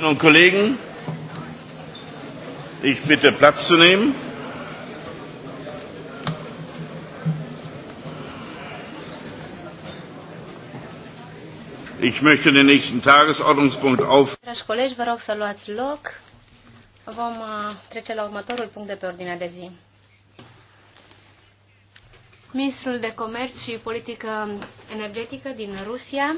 Kolleginnen und Kollegen, ich bitte Platz zu nehmen. Ich möchte den nächsten Tagesordnungspunkt auf. Vom uh, trece la următorul punct de pe ordinea de zi. Ministrul de Comerț și Politică Energetică din Rusia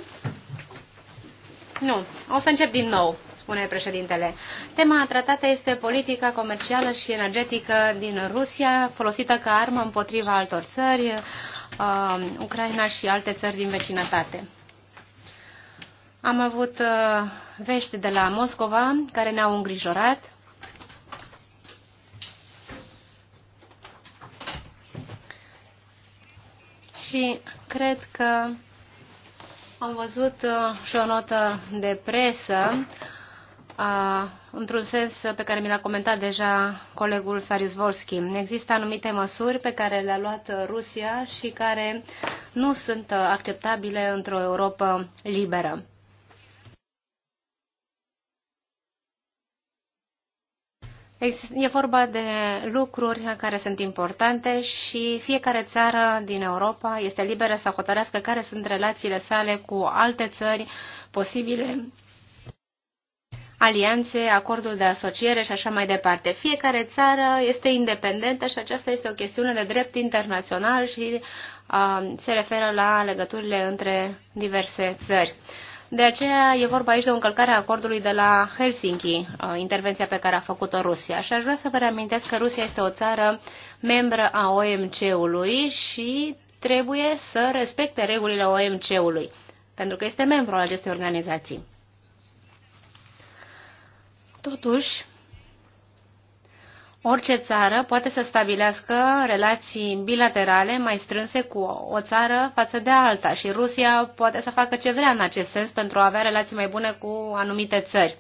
nu, o să încep din nou, spune președintele. Tema tratată este politica comercială și energetică din Rusia, folosită ca armă împotriva altor țări, uh, Ucraina și alte țări din vecinătate. Am avut uh, vești de la Moscova care ne-au îngrijorat. Și cred că am văzut uh, și o notă de presă, uh, într-un sens pe care mi l-a comentat deja colegul Sarius Volski. Există anumite măsuri pe care le-a luat Rusia și care nu sunt uh, acceptabile într-o Europa liberă. E vorba de lucruri care sunt importante și fiecare țară din Europa este liberă să hotărească care sunt relațiile sale cu alte țări posibile alianțe, acordul de asociere și așa mai departe. Fiecare țară este independentă și aceasta este o chestiune de drept internațional și uh, se referă la legăturile între diverse țări. Uh, de aceea e vorba aici de o încălcare a acordului de la Helsinki, intervenția pe care a făcut-o Rusia. Și aș vrea să vă reamintesc că Rusia este o țară membră a OMC-ului și trebuie să respecte regulile OMC-ului, pentru că este membru al acestei organizații. Totuși, Orice țară poate să stabilească relații bilaterale mai strânse cu o țară față de alta și Rusia poate să facă ce vrea în acest sens pentru a avea relații mai bune cu anumite țări.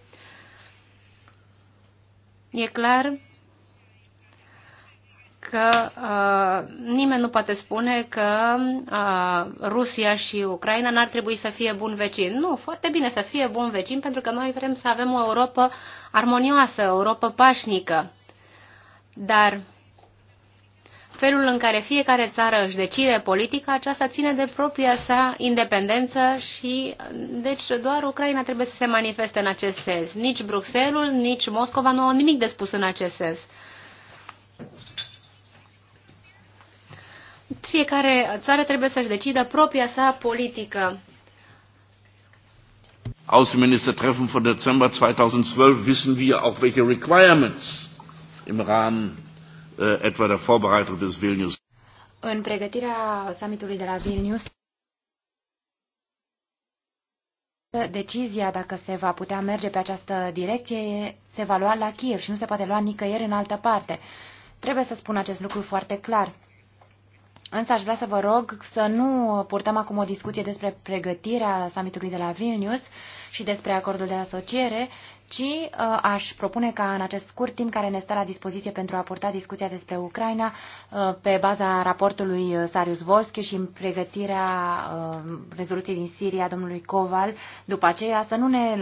E clar că uh, nimeni nu poate spune că uh, Rusia și Ucraina n-ar trebui să fie bun vecin. Nu, foarte bine să fie bun vecin pentru că noi vrem să avem o Europa armonioasă, o Europa pașnică. Dar felul în care fiecare țară își decide politica, aceasta ține de propria sa independență și deci doar Ucraina trebuie să se manifeste în acest sens. Nici Bruxelles, nici Moscova nu au nimic de spus în acest sens. Fiecare țară trebuie să-și decidă propria sa politică. Außenministertreffen von Dezember 2012 wissen wir auch welche requirements im Rahmen äh, etwa der Vorbereitung des Vilnius. În pregătirea summitului de la Vilnius, decizia dacă se va putea merge pe această direcție se va lua la Kiev și nu se poate lua nicăieri în altă parte. Trebuie să spun acest lucru foarte clar. Însă aș vrea să vă rog să nu purtăm acum o discuție despre pregătirea summitului de la Vilnius și despre acordul de asociere, ci uh, aș propune ca în acest scurt timp care ne stă la dispoziție pentru a purta discuția despre Ucraina, uh, pe baza raportului uh, Sarius Volski și în pregătirea uh, rezoluției din Siria domnului Coval, după aceea să nu ne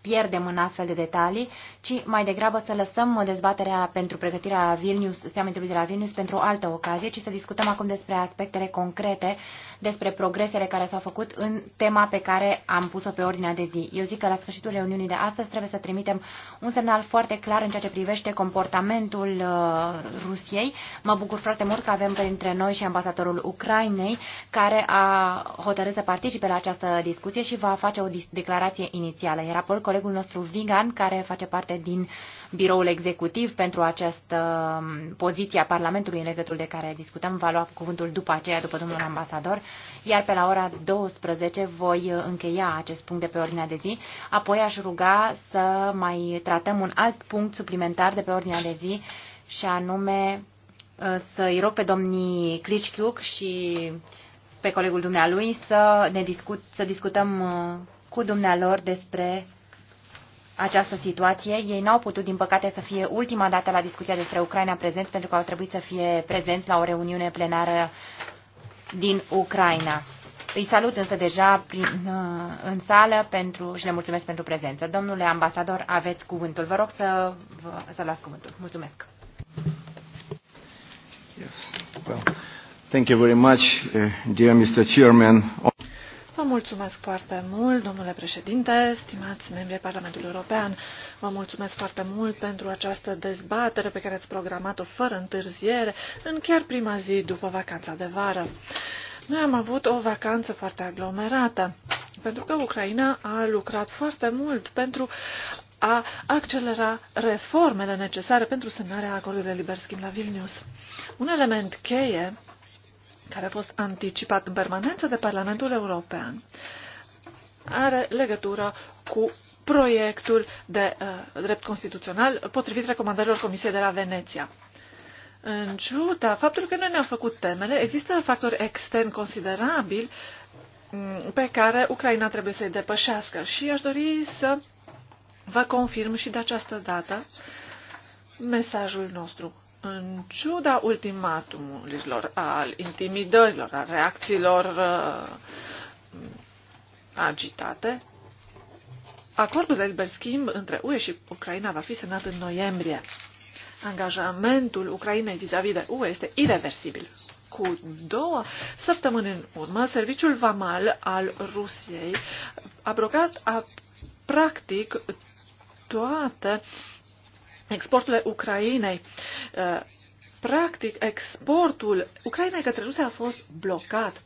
pierdem în astfel de detalii, ci mai degrabă să lăsăm dezbaterea pentru pregătirea Vilnius, summitului de la Vilnius pentru o altă ocazie, ci să discutăm acum despre aspectele concrete, despre progresele care s-au făcut în tema pe care am pus-o pe ordinea de zi. Eu zic că la sfârșitul reuniunii de astăzi trebuie să trimitem un semnal foarte clar în ceea ce privește comportamentul uh, Rusiei. Mă bucur foarte mult că avem printre noi și ambasadorul Ucrainei, care a hotărât să participe la această discuție și va face o declarație inițială. Era apoi colegul nostru Vigan, care face parte din uh, biroul executiv pentru această um, poziție a Parlamentului în legătură de care discutăm. Va lua cuvântul după aceea, după domnul ambasador, iar pe la ora 12 voi încheia acest punct de pe ordinea de zi. Apoi aș ruga să mai tratăm un alt punct suplimentar de pe ordinea de zi și anume uh, să-i rog pe domnii Clicichiuc și pe colegul dumnealui să, ne discut, să discutăm uh, cu dumnealor despre această situație. Ei n-au putut, din păcate, să fie ultima dată la discuția despre Ucraina prezenți, pentru că au trebuit să fie prezenți la o reuniune plenară din Ucraina. Îi salut însă deja prin, uh, în sală pentru, și le mulțumesc pentru prezență. Domnule ambasador, aveți cuvântul. Vă rog să, vă, să luați cuvântul. Mulțumesc. Yes. Well, thank you very much, uh, dear Mr. Chairman. Vă mulțumesc foarte mult, domnule președinte, stimați membrii Parlamentului European. Vă mulțumesc foarte mult pentru această dezbatere pe care ați programat-o fără întârziere, în chiar prima zi după vacanța de vară. Noi am avut o vacanță foarte aglomerată, pentru că Ucraina a lucrat foarte mult pentru a accelera reformele necesare pentru semnarea acordului de liber schimb la Vilnius. Un element cheie care a fost anticipat în permanență de Parlamentul European, are legătură cu proiectul de uh, drept constituțional potrivit recomandărilor Comisiei de la Veneția. În ciuda faptului că noi ne-am făcut temele, există factori extern considerabili mm, pe care Ucraina trebuie să-i depășească și aș dori să vă confirm și de această dată mesajul nostru în ciuda ultimatumurilor, al intimidărilor, al reacțiilor uh, agitate, acordul de liber schimb între UE și Ucraina va fi semnat în noiembrie. Angajamentul Ucrainei vis-a-vis -vis de UE este irreversibil. Cu două săptămâni în urmă, serviciul VAMAL al Rusiei a blocat a, practic toate uh, exporturile Ucrainei. Eh, practic, exportul Ucrainei către Rusia a fost blocat.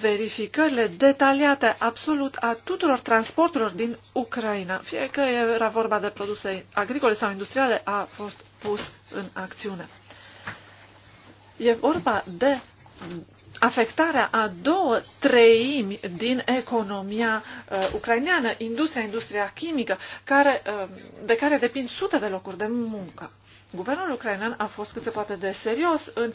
Verificările detaliate absolut a tuturor transporturilor din Ucraina, fie că era vorba de produse agricole sau industriale, a fost pus în acțiune. E vorba de afectarea a două treimi din economia uh, ucraineană, industria, industria chimică, care, uh, de care depind sute de locuri de muncă. Guvernul ucrainean a fost cât se poate de serios în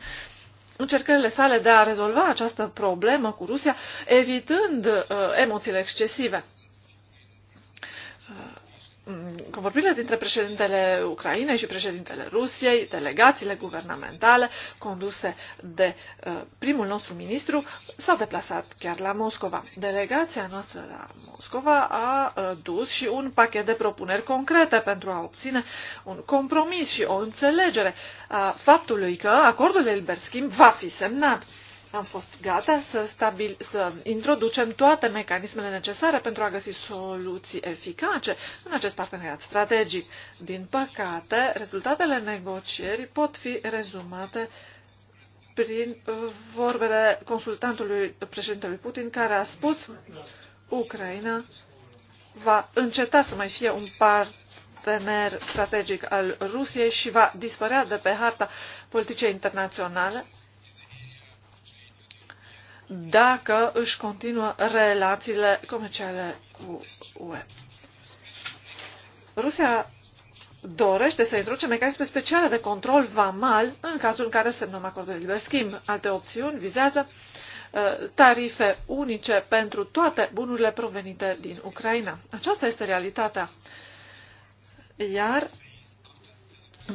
încercările sale de a rezolva această problemă cu Rusia, evitând uh, emoțiile excesive convorbirile dintre președintele Ucrainei și președintele Rusiei, delegațiile guvernamentale conduse de uh, primul nostru ministru s-au deplasat chiar la Moscova. Delegația noastră la Moscova a uh, dus și un pachet de propuneri concrete pentru a obține un compromis și o înțelegere a faptului că acordul de liber schimb va fi semnat. Am fost gata să, stabil, să introducem toate mecanismele necesare pentru a găsi soluții eficace în acest parteneriat strategic. Din păcate, rezultatele negocierii pot fi rezumate prin vorbele consultantului președintelui Putin, care a spus Ucraina va înceta să mai fie un partener strategic al Rusiei și va dispărea de pe harta politicii internaționale dacă își continuă relațiile comerciale cu UE. Rusia dorește să introduce mecanisme speciale de control vamal în cazul în care semnăm acordul de liber schimb. Alte opțiuni vizează uh, tarife unice pentru toate bunurile provenite din Ucraina. Aceasta este realitatea. Iar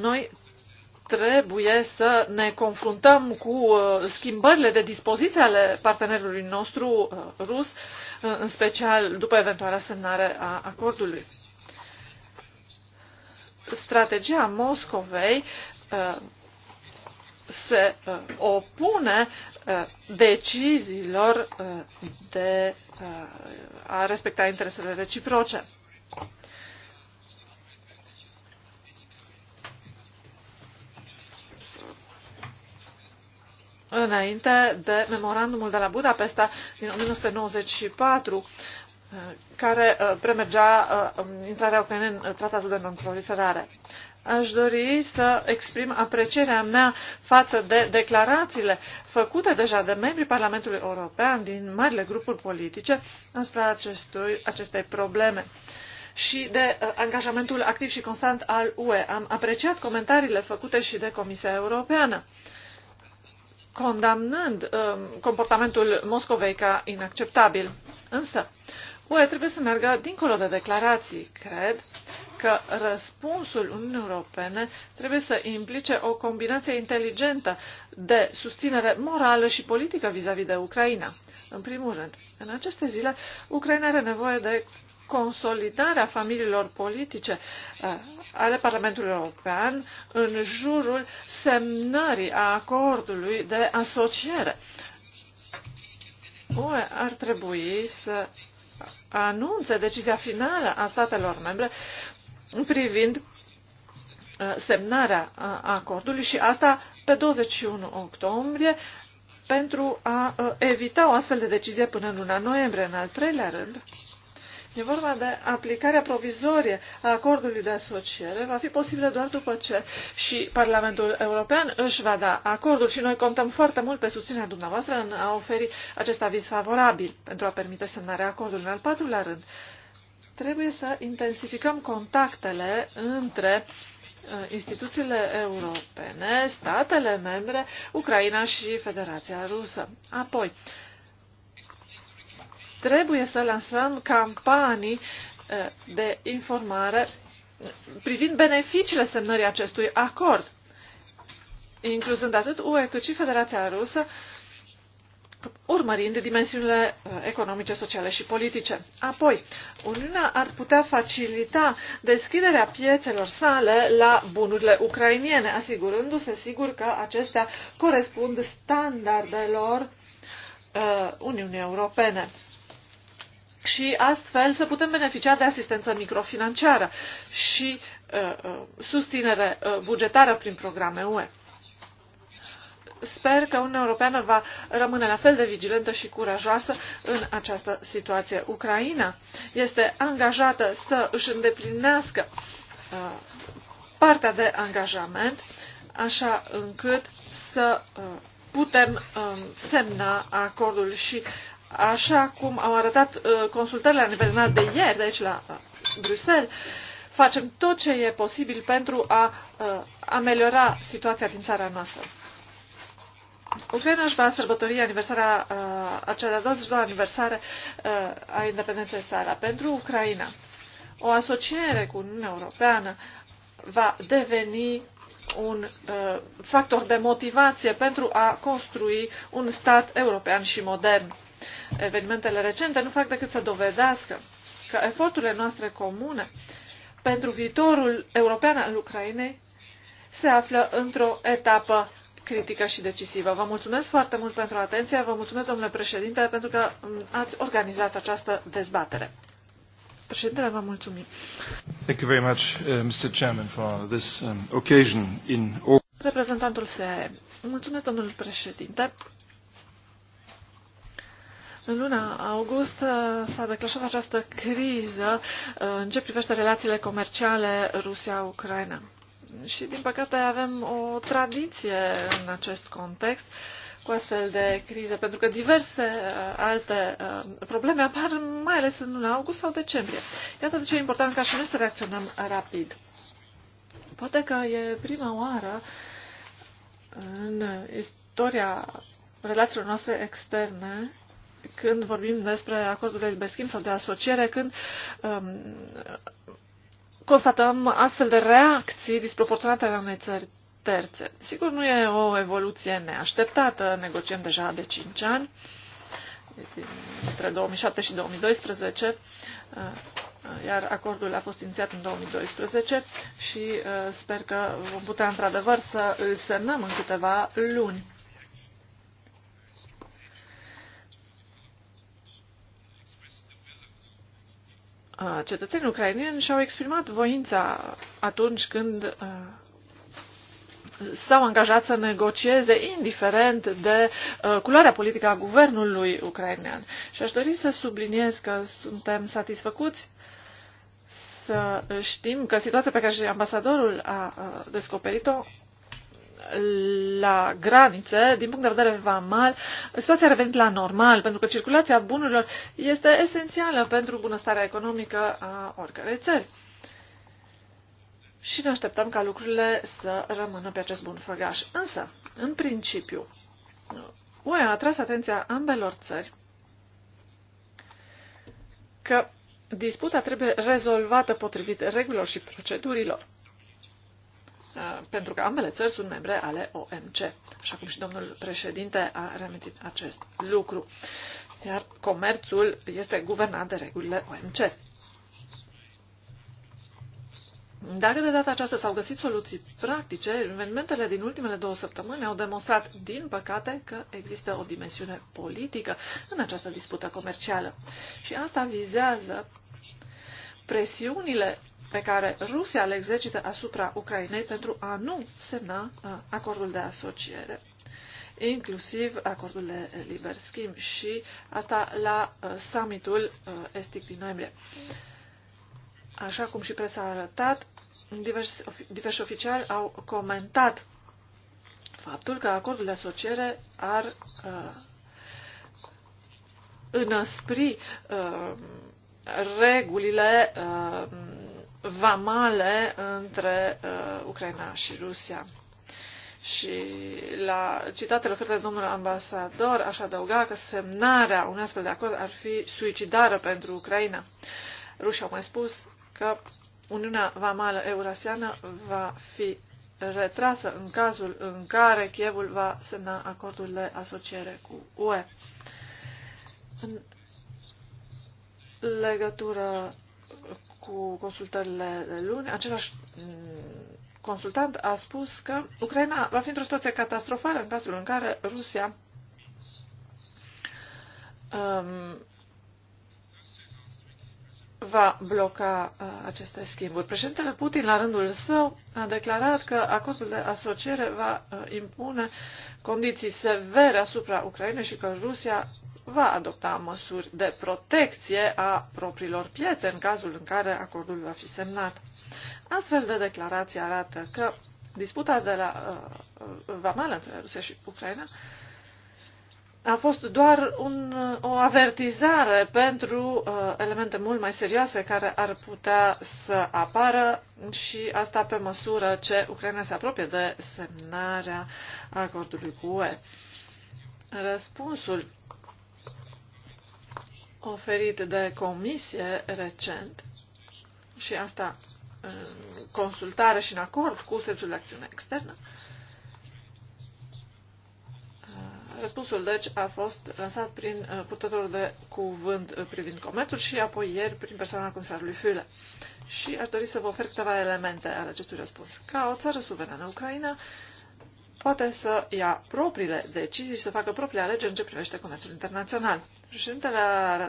noi trebuie să ne confruntăm cu uh, schimbările de dispoziție ale partenerului nostru uh, rus, uh, în special după eventuala semnare a acordului. Strategia Moscovei se opune deciziilor de a respecta interesele reciproce. înainte de memorandumul de la Budapesta din 1994, uh, care uh, premergea uh, um, intrarea Ucrainei în tratatul de non-proliferare. Aș dori să exprim aprecierea mea față de declarațiile făcute deja de membrii Parlamentului European din marile grupuri politice asupra acestui, acestei probleme și de angajamentul activ și constant al UE. Am apreciat comentariile făcute și de Comisia Europeană condamnând um, comportamentul Moscovei ca inacceptabil. Însă, UE trebuie să meargă dincolo de declarații. Cred că răspunsul Uniunii Europene trebuie să implice o combinație inteligentă de susținere morală și politică vis a -vis de Ucraina. În primul rând, în aceste zile, Ucraina are nevoie de consolidarea familiilor politice eh, ale Parlamentului European în jurul semnării a acordului de asociere. UE ar trebui să anunțe decizia finală a statelor membre privind eh, semnarea eh, acordului și asta pe 21 octombrie pentru a evita o astfel de decizie până în luna noiembrie. În al treilea rând, E vorba de aplicarea provizorie a acordului de asociere. Va fi posibilă doar după ce și Parlamentul European își va da acordul și noi contăm foarte mult pe susținerea dumneavoastră în a oferi acest aviz favorabil pentru a permite semnarea acordului. În al patrulea rând, trebuie să intensificăm contactele între uh, instituțiile europene, statele membre, Ucraina și Federația Rusă. Apoi, Trebuie să lansăm campanii eh, de informare privind beneficiile semnării acestui acord, incluzând atât UE cât și Federația Rusă, urmărind dimensiunile eh, economice, sociale și politice. Apoi, Uniunea ar putea facilita deschiderea piețelor sale la bunurile ucrainiene, asigurându-se sigur că acestea corespund standardelor uh, Uniunii Europene și astfel să putem beneficia de asistență microfinanciară și uh, uh susținere uh, bugetară prin programe UE. Sper că Uniunea Europeană va rămâne la fel de vigilentă și curajoasă în această situație. Ucraina este angajată să își îndeplinească uh, partea de angajament, așa încât să uh, putem uh, semna acordul și Așa cum am arătat uh, consultările la nivel înalt de ieri, de aici la uh, Bruxelles, facem tot ce e posibil pentru a uh, ameliora situația din țara noastră. Ucraina își va sărbători aniversarea, uh, acea de-a 22-a aniversare uh, a independenței sale. Pentru Ucraina, o asociere cu Uniunea Europeană va deveni un uh, factor de motivație pentru a construi un stat european și modern. Evenimentele recente nu fac decât să dovedească că eforturile noastre comune pentru viitorul european al Ucrainei se află într-o etapă critică și decisivă. Vă mulțumesc foarte mult pentru atenție, vă mulțumesc, domnule președinte, pentru că mm, ați organizat această dezbatere. Președintele, vă mulțumim. Thank you very much, uh, Mr. Chairman, for this um, occasion in Reprezentantul SEAE. Mulțumesc, domnule președinte. În luna august uh, s-a declanșat această criză uh, în ce privește relațiile comerciale Rusia-Ucraina. Și, din păcate, avem o tradiție în acest context cu astfel de crize, pentru că diverse uh, alte probleme apar mai ales în luna august sau decembrie. Iată de ce e important ca și noi să reacționăm rapid. Poate că e prima oară în istoria relațiilor noastre externe când vorbim despre acordul de liber schimb sau de asociere, când um, constatăm astfel de reacții disproporționate ale unei țări terțe. Sigur, nu e o evoluție neașteptată, negociem deja de 5 ani, între 2007 și 2012, uh, iar acordul a fost inițiat în 2012 și uh, sper că vom putea într-adevăr să îl semnăm în câteva luni. cetățenii ucrainieni și-au exprimat voința atunci când s-au angajat să negocieze indiferent de uh, culoarea politică a guvernului ucrainean. Și aș dori să subliniez că suntem satisfăcuți să știm că situația pe care și ambasadorul a uh, descoperit-o la graniță, din punct de vedere vamal, situația a revenit la normal, pentru că circulația bunurilor este esențială pentru bunăstarea economică a oricărei țări. Și ne așteptăm ca lucrurile să rămână pe acest bun făgaș. Însă, în principiu, UE a atras atenția ambelor țări că disputa trebuie rezolvată potrivit regulilor și procedurilor pentru că ambele țări sunt membre ale OMC, așa cum și domnul președinte a remitit acest lucru. Iar comerțul este guvernat de regulile OMC. Dacă de data aceasta s-au găsit soluții practice, evenimentele din ultimele două săptămâni au demonstrat, din păcate, că există o dimensiune politică în această dispută comercială. Și asta vizează presiunile pe care Rusia le exercită asupra Ucrainei pentru a nu semna uh, acordul de asociere inclusiv acordul de liber schimb și asta la uh, summitul uh, estic din noiembrie. Așa cum și presa a arătat, diversi, diversi oficiali au comentat faptul că acordul de asociere ar uh, înăspri uh, regulile uh, vamale între uh, Ucraina și Rusia. Și la citatele oferite de domnul ambasador, aș adăuga că semnarea unui astfel de acord ar fi suicidară pentru Ucraina. Rușii au mai spus că Uniunea Vamală Eurasiană va fi retrasă în cazul în care Chievul va semna acordul de asociere cu UE. În legătură cu consultările de luni, același mm, consultant a spus că Ucraina va fi într-o situație catastrofală în cazul în care Rusia um, va bloca uh, aceste schimburi. Președintele Putin, la rândul său, a declarat că acordul de asociere va uh, impune condiții severe asupra Ucrainei și că Rusia va adopta măsuri de protecție a propriilor piețe în cazul în care acordul va fi semnat. Astfel de declarație arată că disputa de la uh, uh Vamal între Rusia și Ucraina a fost doar un, o avertizare pentru uh, elemente mult mai serioase care ar putea să apară și asta pe măsură ce Ucraina se apropie de semnarea acordului cu UE. Răspunsul oferit de comisie recent și asta în consultare și în acord cu Serviciul de Acțiune Externă. Răspunsul, deci, a fost lansat prin uh, purtătorul de cuvânt privind comerțul și apoi ieri prin persoana comisarului Füle. Și aș dori să vă ofer câteva elemente ale acestui răspuns. Ca o țară suverană, Ucraina poate să ia propriile decizii și să facă propriile alegeri în ce privește comerțul internațional. Președintele a,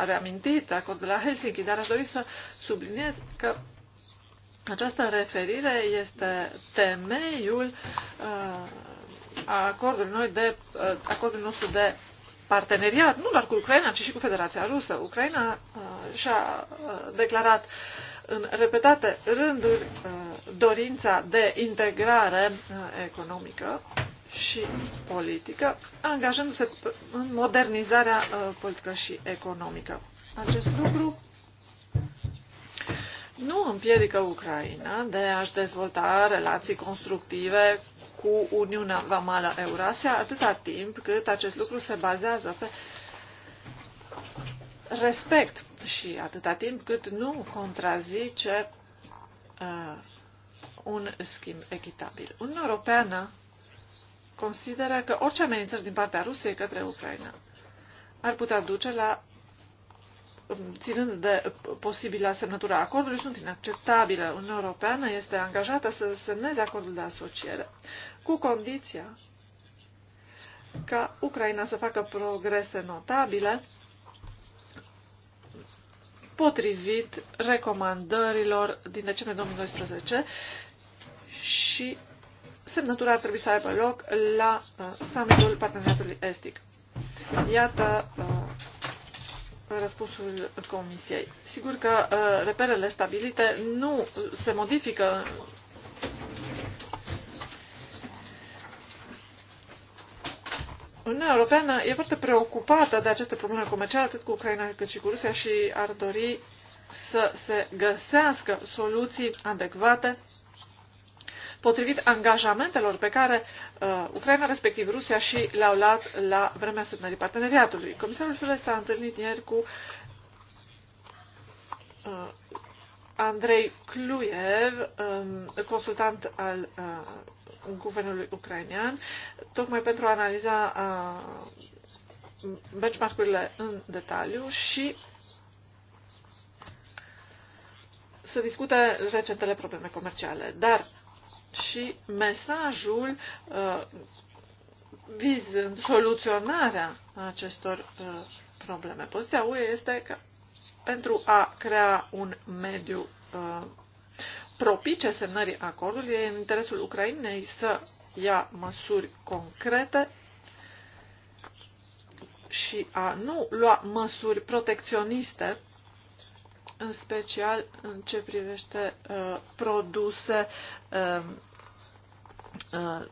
a reamintit acordul de la Helsinki, dar aș dori să subliniez că această referire este temeiul uh, acordului, noi de, uh, acordului nostru de parteneriat, nu doar cu Ucraina, ci și cu Federația Rusă. Ucraina uh, și-a uh, declarat uh, în repetate rânduri uh, dorința de integrare uh, economică și politică, angajându-se în modernizarea uh, politică și economică. Acest lucru nu împiedică Ucraina de a-și dezvolta relații constructive cu Uniunea Vamală Eurasia atâta timp cât acest lucru se bazează pe respect și atâta timp cât nu contrazice uh, un schimb echitabil. Uniunea Europeană consideră că orice amenințări din partea Rusiei către Ucraina ar putea duce la um, ținând de posibilă semnătura acordului, sunt inacceptabile. Uniunea Europeană este angajată să semneze acordul de asociere cu condiția ca Ucraina să facă progrese notabile potrivit recomandărilor din decembrie 2012 și semnătura ar trebui să aibă loc la uh, summitul parteneriatului estic. Iată uh, răspunsul Comisiei. Sigur că uh, reperele stabilite nu se modifică Uniunea Europeană e foarte preocupată de aceste probleme comerciale, atât cu Ucraina cât și cu Rusia, și ar dori să se găsească soluții adecvate potrivit angajamentelor pe care uh, Ucraina, respectiv Rusia, și le-au luat la vremea semnării parteneriatului. Comisarul Fule s-a întâlnit ieri cu uh, Andrei Kluyev, um, consultant al uh, guvernului ucrainean, tocmai pentru a analiza uh, benchmark-urile în detaliu și să discute recentele probleme comerciale, dar și mesajul uh, vizând soluționarea acestor probleme. Poziția UE este că pentru a crea un mediu uh, propice semnării acordului. E în interesul Ucrainei să ia măsuri concrete și a nu lua măsuri protecționiste, în special în ce privește uh, produse uh, uh,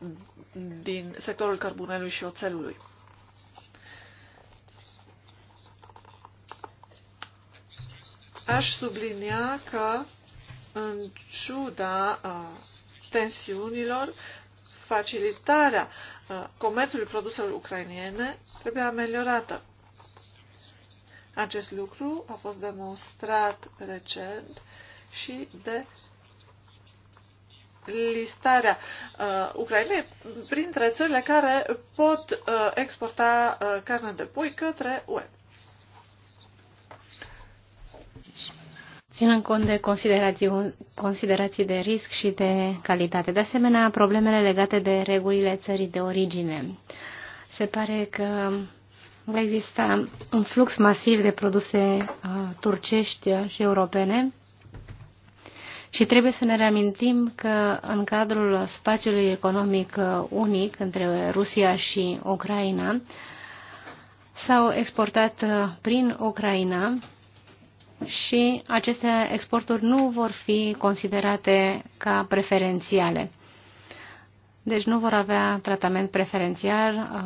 din sectorul cărbunelui și oțelului. Aș sublinia că, în ciuda tensiunilor, facilitarea comerțului produselor ucrainiene trebuie ameliorată. Acest lucru a fost demonstrat recent și de listarea uh, Ucrainei printre țările care pot uh, exporta uh, carne de pui către UE. ținând cont de considerații, considerații de risc și de calitate. De asemenea, problemele legate de regulile țării de origine. Se pare că va exista un flux masiv de produse uh, turcești și europene și trebuie să ne reamintim că în cadrul spațiului economic uh, unic între Rusia și Ucraina s-au exportat uh, prin Ucraina și aceste exporturi nu vor fi considerate ca preferențiale. Deci nu vor avea tratament preferențial uh,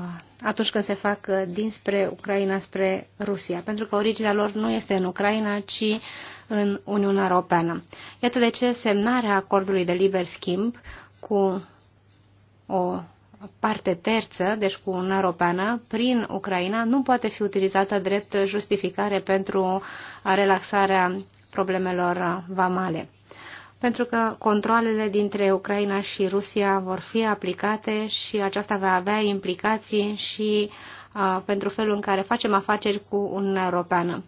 atunci când se fac uh, dinspre Ucraina spre Rusia, pentru că originea lor nu este în Ucraina, ci în Uniunea Europeană. Iată de ce semnarea acordului de liber schimb cu o parte terță, deci cu Uniunea Europeană, prin Ucraina, nu poate fi utilizată drept justificare pentru relaxarea problemelor vamale. Pentru că controlele dintre Ucraina și Rusia vor fi aplicate și aceasta va avea implicații și uh, pentru felul în care facem afaceri cu Uniunea Europeană.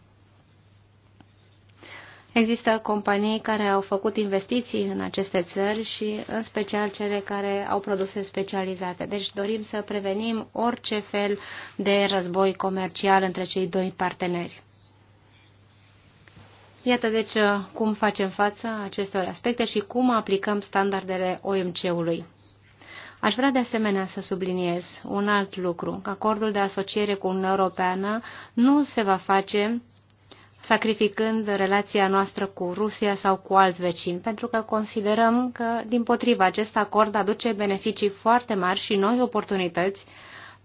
Există companii care au făcut investiții în aceste țări și în special cele care au produse specializate. Deci dorim să prevenim orice fel de război comercial între cei doi parteneri. Iată deci cum facem față acestor aspecte și cum aplicăm standardele OMC-ului. Aș vrea de asemenea să subliniez un alt lucru, că acordul de asociere cu Uniunea Europeană nu se va face sacrificând relația noastră cu Rusia sau cu alți vecini, pentru că considerăm că, din potriva, acest acord aduce beneficii foarte mari și noi oportunități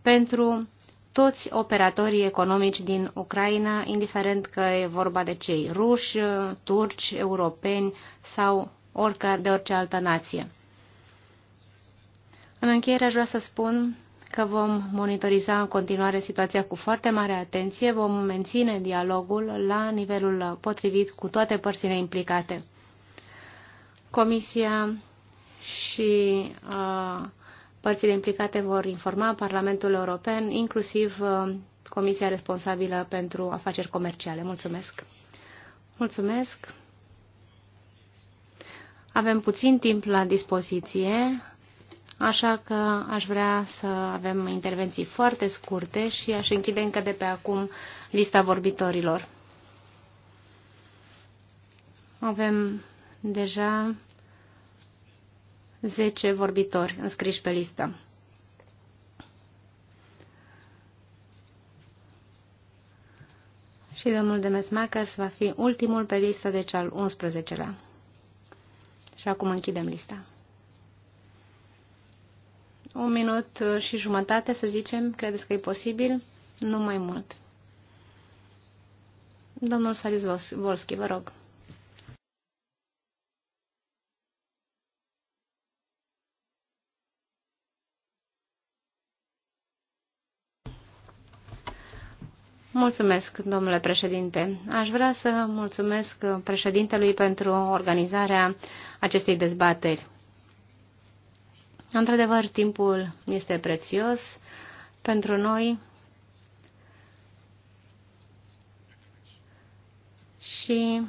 pentru toți operatorii economici din Ucraina, indiferent că e vorba de cei ruși, turci, europeni sau orică, de orice altă nație. În încheiere aș vrea să spun că vom monitoriza în continuare situația cu foarte mare atenție, vom menține dialogul la nivelul potrivit cu toate părțile implicate. Comisia și uh, părțile implicate vor informa Parlamentul European, inclusiv uh, Comisia responsabilă pentru afaceri comerciale. Mulțumesc! Mulțumesc! Avem puțin timp la dispoziție așa că aș vrea să avem intervenții foarte scurte și aș închide încă de pe acum lista vorbitorilor. Avem deja 10 vorbitori înscriși pe listă. Și domnul Demesmachers va fi ultimul pe listă, deci al 11-lea. Și acum închidem lista. Un minut și jumătate, să zicem, credeți că e posibil? Nu mai mult. Domnul Saris Volski, vă rog. Mulțumesc, domnule președinte. Aș vrea să mulțumesc președintelui pentru organizarea acestei dezbateri. Într-adevăr, timpul este prețios pentru noi și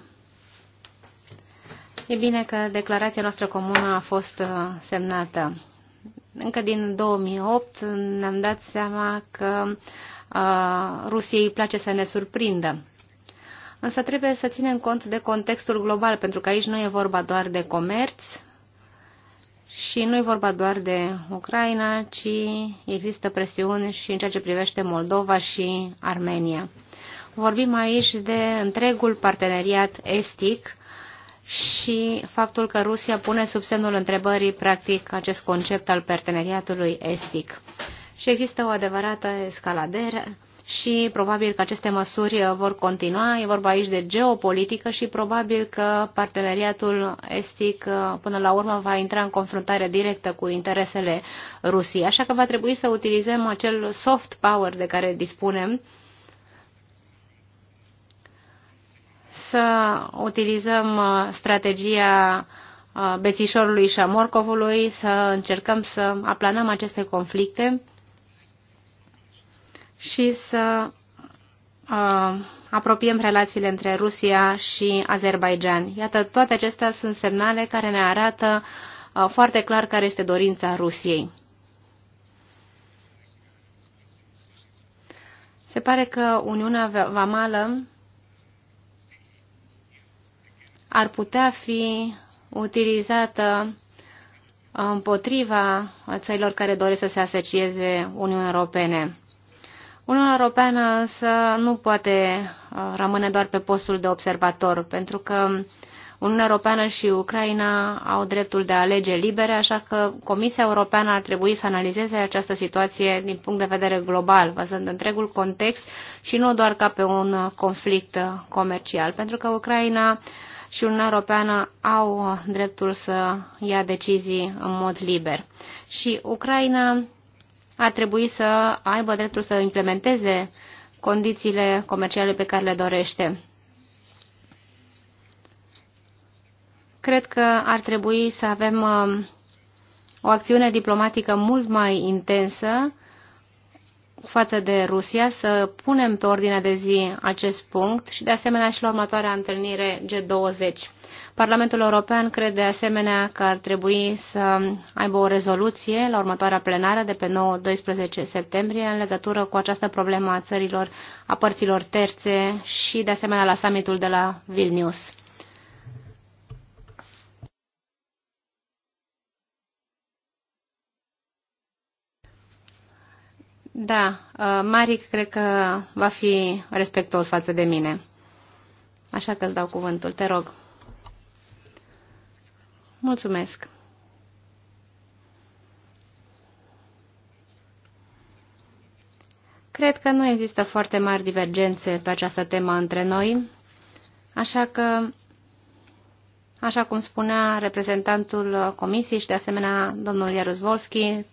e bine că declarația noastră comună a fost uh, semnată. Încă din 2008 ne-am dat seama că uh, Rusiei îi place să ne surprindă. Însă trebuie să ținem cont de contextul global, pentru că aici nu e vorba doar de comerț, și nu e vorba doar de Ucraina, ci există presiuni și în ceea ce privește Moldova și Armenia. Vorbim aici de întregul parteneriat estic și faptul că Rusia pune sub semnul întrebării, practic, acest concept al parteneriatului estic. Și există o adevărată escaladere și probabil că aceste măsuri uh, vor continua. E vorba aici de geopolitică și probabil că parteneriatul estic uh, până la urmă va intra în confruntare directă cu interesele Rusiei. Așa că va trebui să utilizăm acel soft power de care dispunem să utilizăm uh, strategia bețișorului și a morcovului, să încercăm să aplanăm aceste conflicte și să uh, apropiem relațiile între Rusia și Azerbaijan. Iată, toate acestea sunt semnale care ne arată uh, foarte clar care este dorința Rusiei. Se pare că Uniunea Vamală ar putea fi utilizată împotriva țărilor care doresc să se asocieze Uniunea Europene. Uniunea Europeană însă nu poate uh, rămâne doar pe postul de observator, pentru că Uniunea Europeană și Ucraina au dreptul de a alege libere, așa că Comisia Europeană ar trebui să analizeze această situație din punct de vedere global, văzând întregul context și nu doar ca pe un conflict comercial, pentru că Ucraina și Uniunea Europeană au dreptul să ia decizii în mod liber. Și Ucraina ar trebui să aibă dreptul să implementeze condițiile comerciale pe care le dorește. Cred că ar trebui să avem uh, o acțiune diplomatică mult mai intensă față de Rusia, să punem pe ordinea de zi acest punct și de asemenea și la următoarea întâlnire G20. Parlamentul European crede de asemenea că ar trebui să aibă o rezoluție la următoarea plenară de pe 9-12 septembrie în legătură cu această problemă a țărilor, a părților terțe și de asemenea la summitul de la Vilnius. Da, uh, Maric cred că va fi respectuos față de mine. Așa că îți dau cuvântul, te rog. Mulțumesc! Cred că nu există foarte mari divergențe pe această temă între noi, așa că, așa cum spunea reprezentantul Comisiei și de asemenea domnul Iaruzvolski,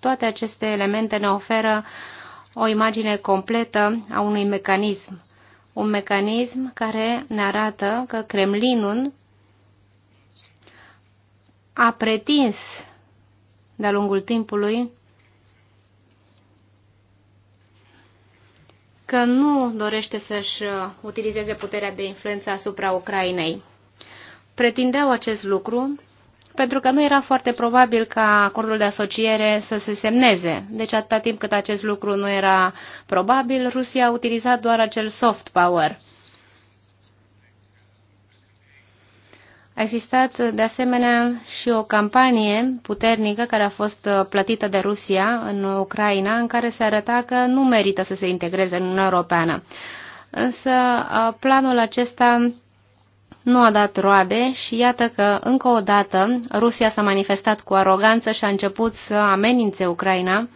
toate aceste elemente ne oferă o imagine completă a unui mecanism. Un mecanism care ne arată că Kremlinul a pretins de-a lungul timpului că nu dorește să-și uh, utilizeze puterea de influență asupra Ucrainei. Pretindeau acest lucru pentru că nu era foarte probabil ca acordul de asociere să se semneze. Deci atâta timp cât acest lucru nu era probabil, Rusia a utilizat doar acel soft power. A existat de asemenea și o campanie puternică care a fost uh, plătită de Rusia în Ucraina, în care se arăta că nu merită să se integreze în Uniunea Europeană. Însă uh, planul acesta nu a dat roade și iată că, încă o dată, Rusia s-a manifestat cu aroganță și a început să amenințe Ucraina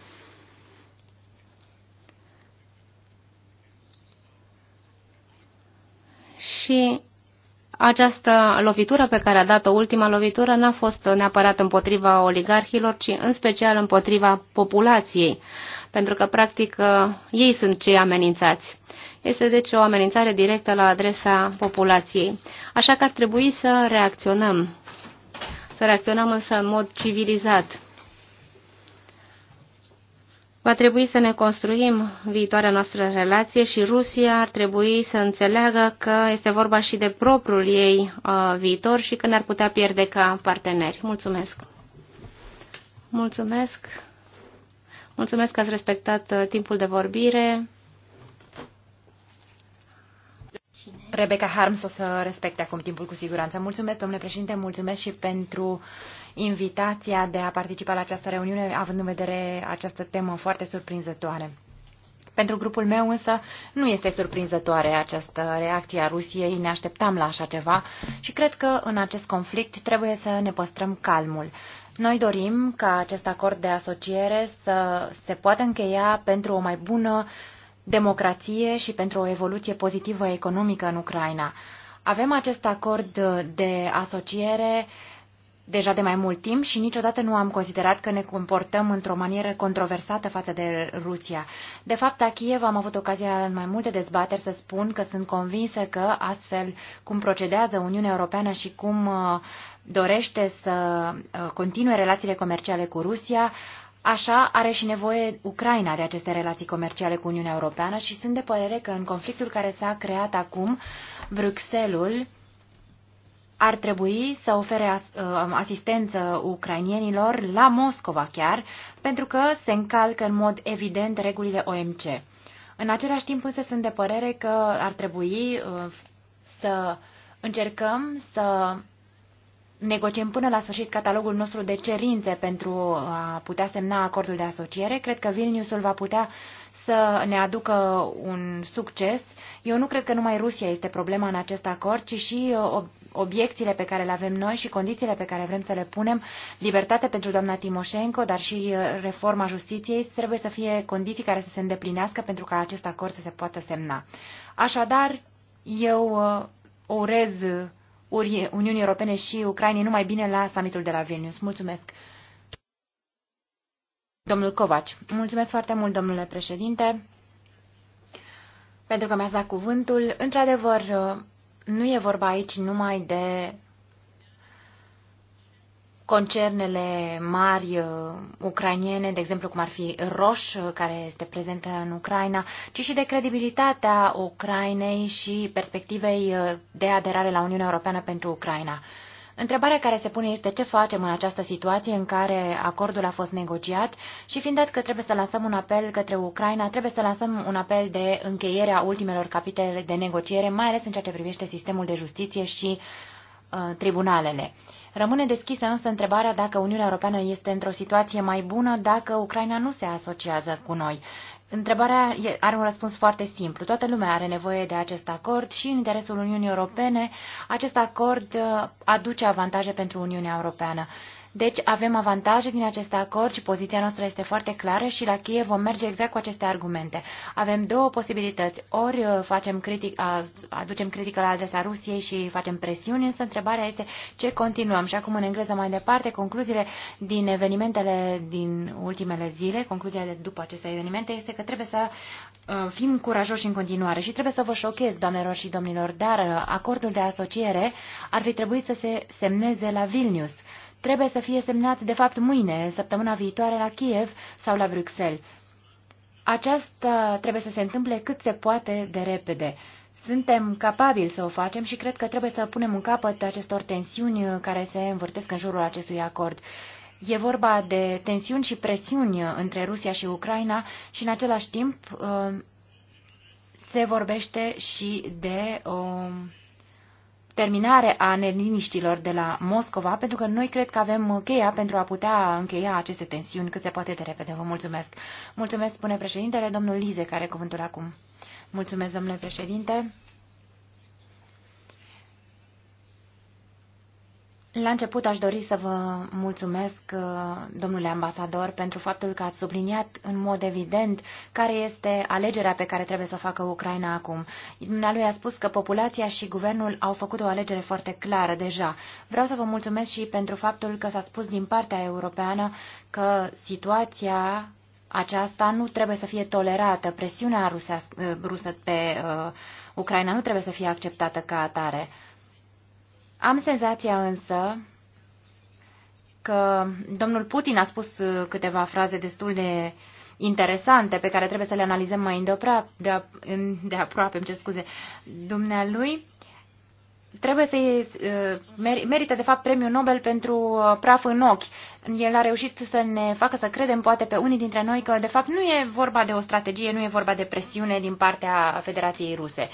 și această lovitură pe care a dat-o ultima lovitură n-a fost neapărat împotriva oligarhilor, ci în special împotriva populației, pentru că, practic, ei sunt cei amenințați. Este deci o amenințare directă la adresa populației. Așa că ar trebui să reacționăm. Să reacționăm însă în mod civilizat. Va trebui să ne construim viitoarea noastră relație și Rusia ar trebui să înțeleagă că este vorba și de propriul ei uh, viitor și că ne-ar putea pierde ca parteneri. Mulțumesc! Mulțumesc! Mulțumesc că ați respectat uh, timpul de vorbire. Rebecca Harms o să respecte acum timpul cu siguranță. Mulțumesc, domnule președinte, mulțumesc și pentru invitația de a participa la această reuniune, având în vedere această temă foarte surprinzătoare. Pentru grupul meu însă nu este surprinzătoare această reacție a Rusiei, ne așteptam la așa ceva și cred că în acest conflict trebuie să ne păstrăm calmul. Noi dorim ca acest acord de asociere să se poată încheia pentru o mai bună democrație și pentru o evoluție pozitivă economică în Ucraina. Avem acest acord de asociere deja de mai mult timp și niciodată nu am considerat că ne comportăm într-o manieră controversată față de Rusia. De fapt, a Kiev am avut ocazia în mai multe dezbateri să spun că sunt convinsă că astfel cum procedează Uniunea Europeană și cum uh, dorește să uh, continue relațiile comerciale cu Rusia, Așa are și nevoie Ucraina de aceste relații comerciale cu Uniunea Europeană și sunt de părere că în conflictul care s-a creat acum, Bruxelles ar trebui să ofere uh, asistență ucrainienilor la Moscova chiar, pentru că se încalcă în mod evident regulile OMC. În același timp însă sunt de părere că ar trebui uh, să încercăm să negociem până la sfârșit catalogul nostru de cerințe pentru a putea semna acordul de asociere. Cred că Vilniusul va putea să ne aducă un succes. Eu nu cred că numai Rusia este problema în acest acord, ci și uh, obiecțiile pe care le avem noi și condițiile pe care vrem să le punem, libertate pentru doamna Timoșenko, dar și uh, reforma justiției, trebuie să fie condiții care să se îndeplinească pentru ca acest acord să se poată semna. Așadar, eu uh, urez Uniunii Europene și Ucrainei numai bine la summitul de la Vilnius. Mulțumesc! Domnul Covaci. Mulțumesc foarte mult, domnule președinte, pentru că mi-ați dat cuvântul. Într-adevăr, nu e vorba aici numai de concernele mari uh, ucrainiene, de exemplu cum ar fi Roș, uh, care este prezentă în Ucraina, ci și de credibilitatea Ucrainei și perspectivei uh, de aderare la Uniunea Europeană pentru Ucraina. Întrebarea care se pune este ce facem în această situație în care acordul a fost negociat și fiind dat că trebuie să lansăm un apel către Ucraina, trebuie să lansăm un apel de încheiere a ultimelor capitole de negociere, mai ales în ceea ce privește sistemul de justiție și uh, tribunalele. Rămâne deschisă însă întrebarea dacă Uniunea Europeană este într-o situație mai bună dacă Ucraina nu se asociază cu noi. Întrebarea are un răspuns foarte simplu. Toată lumea are nevoie de acest acord și în interesul Uniunii Europene acest acord uh, aduce avantaje pentru Uniunea Europeană. Deci avem avantaje din acest acord și poziția noastră este foarte clară și la Kiev vom merge exact cu aceste argumente. Avem două posibilități. Ori uh, facem critic, aducem critică la adresa Rusiei și facem presiuni, însă întrebarea este ce continuăm. Și acum în engleză mai departe, concluziile din evenimentele din ultimele zile, concluzia de după aceste evenimente este că trebuie să uh, fim curajoși în continuare și trebuie să vă șochez, doamnelor și domnilor, dar uh, acordul de asociere ar fi trebuit să se semneze la Vilnius trebuie să fie semnat, de fapt, mâine, săptămâna viitoare, la Kiev sau la Bruxelles. Aceasta trebuie să se întâmple cât se poate de repede. Suntem capabili să o facem și cred că trebuie să punem în capăt acestor tensiuni care se învârtesc în jurul acestui acord. E vorba de tensiuni și presiuni între Rusia și Ucraina și în același timp uh, se vorbește și de o um, terminare a neliniștilor de la Moscova, pentru că noi cred că avem cheia pentru a putea încheia aceste tensiuni cât se poate de repede. Vă mulțumesc. Mulțumesc, spune președintele, domnul Lize, care cuvântul acum. Mulțumesc, domnule președinte. La început aș dori să vă mulțumesc, uh, domnule ambasador, pentru faptul că ați subliniat în mod evident care este alegerea pe care trebuie să o facă Ucraina acum. Dumnealui a spus că populația și guvernul au făcut o alegere foarte clară deja. Vreau să vă mulțumesc și pentru faptul că s-a spus din partea europeană că situația aceasta nu trebuie să fie tolerată. Presiunea uh, rusă pe uh, Ucraina nu trebuie să fie acceptată ca atare. Uh, am senzația însă că domnul Putin a spus câteva fraze destul de interesante pe care trebuie să le analizăm mai de, de aproape, îmi cer scuze, dumnealui. Trebuie să uh, merită, de fapt, premiul Nobel pentru uh, praf în ochi. El a reușit să ne facă să credem, poate, pe unii dintre noi că, de fapt, nu e vorba de o strategie, nu e vorba de presiune din partea Federației Ruse.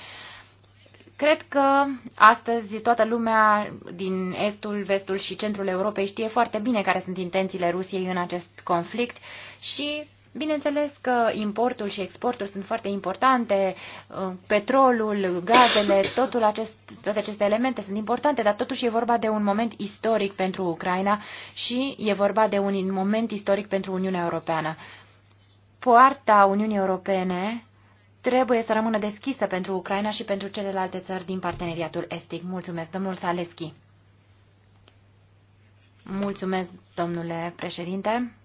Cred că astăzi toată lumea din estul, vestul și centrul Europei știe foarte bine care sunt intențiile Rusiei în acest conflict și Bineînțeles că importul și exportul sunt foarte importante, uh, petrolul, gazele, totul acest, toate aceste elemente sunt importante, dar totuși e vorba de un moment istoric pentru Ucraina și e vorba de un moment istoric pentru Uniunea Europeană. Poarta Uniunii Europene trebuie să rămână deschisă pentru Ucraina și pentru celelalte țări din parteneriatul estic. Mulțumesc, domnul Saleschi. Mulțumesc, domnule președinte.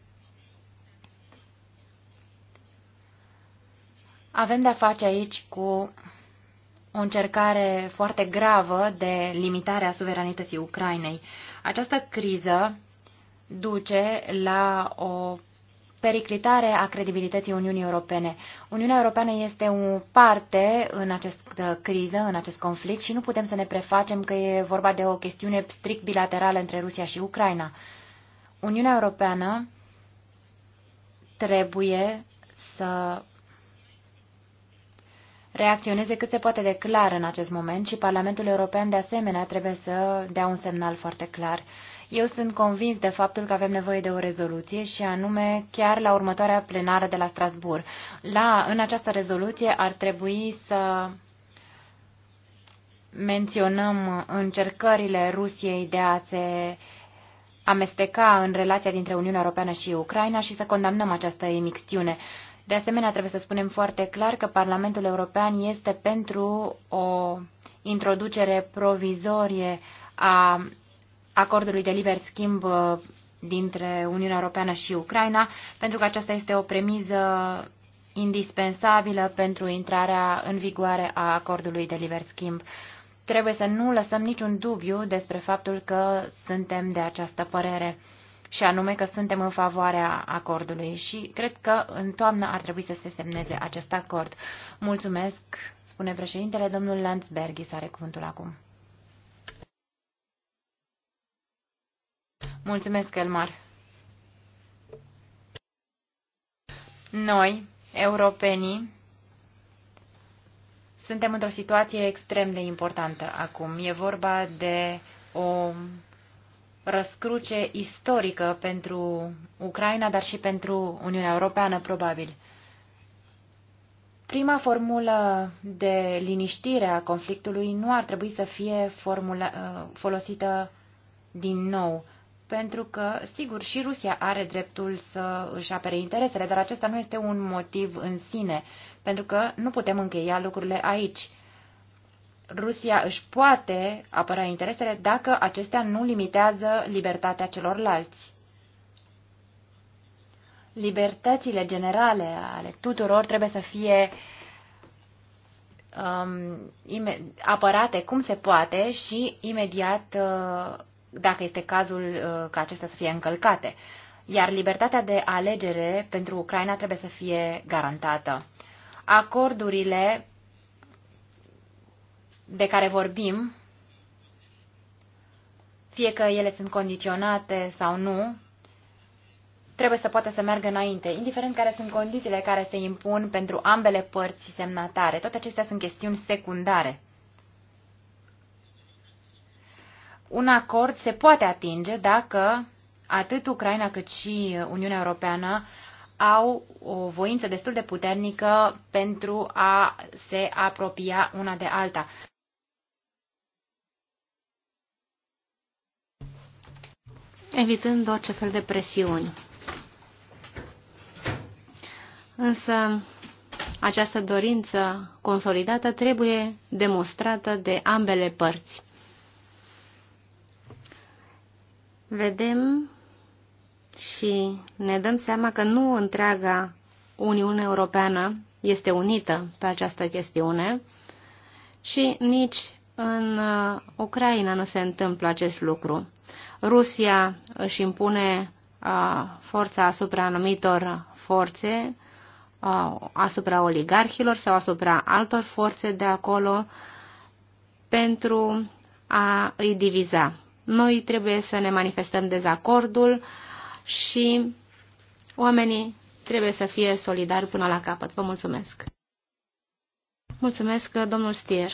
Avem de-a face aici cu o încercare foarte gravă de limitare a suveranității Ucrainei. Această criză duce la o periclitare a credibilității Uniunii Europene. Uniunea Europeană este o parte în această criză, în acest conflict și nu putem să ne prefacem că e vorba de o chestiune strict bilaterală între Rusia și Ucraina. Uniunea Europeană trebuie să reacționeze cât se poate de clar în acest moment și Parlamentul European de asemenea trebuie să dea un semnal foarte clar. Eu sunt convins de faptul că avem nevoie de o rezoluție și anume chiar la următoarea plenară de la Strasbourg. La, în această rezoluție ar trebui să menționăm încercările Rusiei de a se amesteca în relația dintre Uniunea Europeană și Ucraina și să condamnăm această emixtiune. De asemenea, trebuie să spunem foarte clar că Parlamentul European este pentru o introducere provizorie a acordului de liber schimb uh, dintre Uniunea Europeană și Ucraina, pentru că aceasta este o premiză indispensabilă pentru intrarea în vigoare a acordului de liber schimb. Trebuie să nu lăsăm niciun dubiu despre faptul că suntem de această părere și anume că suntem în favoarea acordului și cred că în toamnă ar trebui să se semneze acest acord. Mulțumesc, spune președintele, domnul Landsbergis are cuvântul acum. Mulțumesc, Elmar. Noi, europenii, suntem într-o situație extrem de importantă acum. E vorba de o răscruce istorică pentru Ucraina, dar și pentru Uniunea Europeană, probabil. Prima formulă de liniștire a conflictului nu ar trebui să fie formula, uh, folosită din nou pentru că, sigur, și Rusia are dreptul să își apere interesele, dar acesta nu este un motiv în sine, pentru că nu putem încheia lucrurile aici. Rusia își poate apăra interesele dacă acestea nu limitează libertatea celorlalți. Libertățile generale ale tuturor trebuie să fie um, apărate cum se poate și imediat uh, dacă este cazul uh, ca acestea să fie încălcate. Iar libertatea de alegere pentru Ucraina trebuie să fie garantată. Acordurile de care vorbim, fie că ele sunt condiționate sau nu, trebuie să poată să meargă înainte, indiferent care sunt condițiile care se impun pentru ambele părți semnatare. Toate acestea sunt chestiuni secundare. un acord se poate atinge dacă atât Ucraina cât și Uniunea Europeană au o voință destul de puternică pentru a se apropia una de alta. Evitând orice fel de presiuni. Însă, această dorință consolidată trebuie demonstrată de ambele părți. vedem și ne dăm seama că nu întreaga Uniune Europeană este unită pe această chestiune și nici în uh, Ucraina nu se întâmplă acest lucru. Rusia își impune uh, forța asupra anumitor forțe, uh, asupra oligarhilor sau asupra altor forțe de acolo pentru a îi diviza. Noi trebuie să ne manifestăm dezacordul și oamenii trebuie să fie solidari până la capăt. Vă mulțumesc! Mulțumesc, domnul Stier!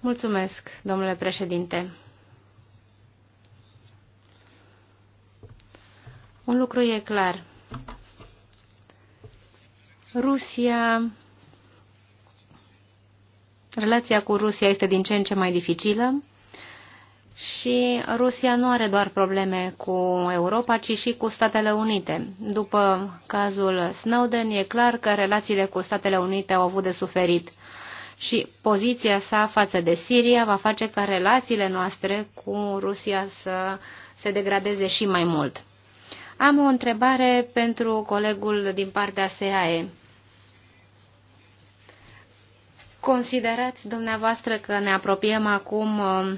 Mulțumesc, domnule președinte! Un lucru e clar. Rusia Relația cu Rusia este din ce în ce mai dificilă și Rusia nu are doar probleme cu Europa, ci și cu Statele Unite. După cazul Snowden, e clar că relațiile cu Statele Unite au avut de suferit și poziția sa față de Siria va face ca relațiile noastre cu Rusia să se degradeze și mai mult. Am o întrebare pentru colegul din partea SAE. Considerați dumneavoastră că ne apropiem acum uh,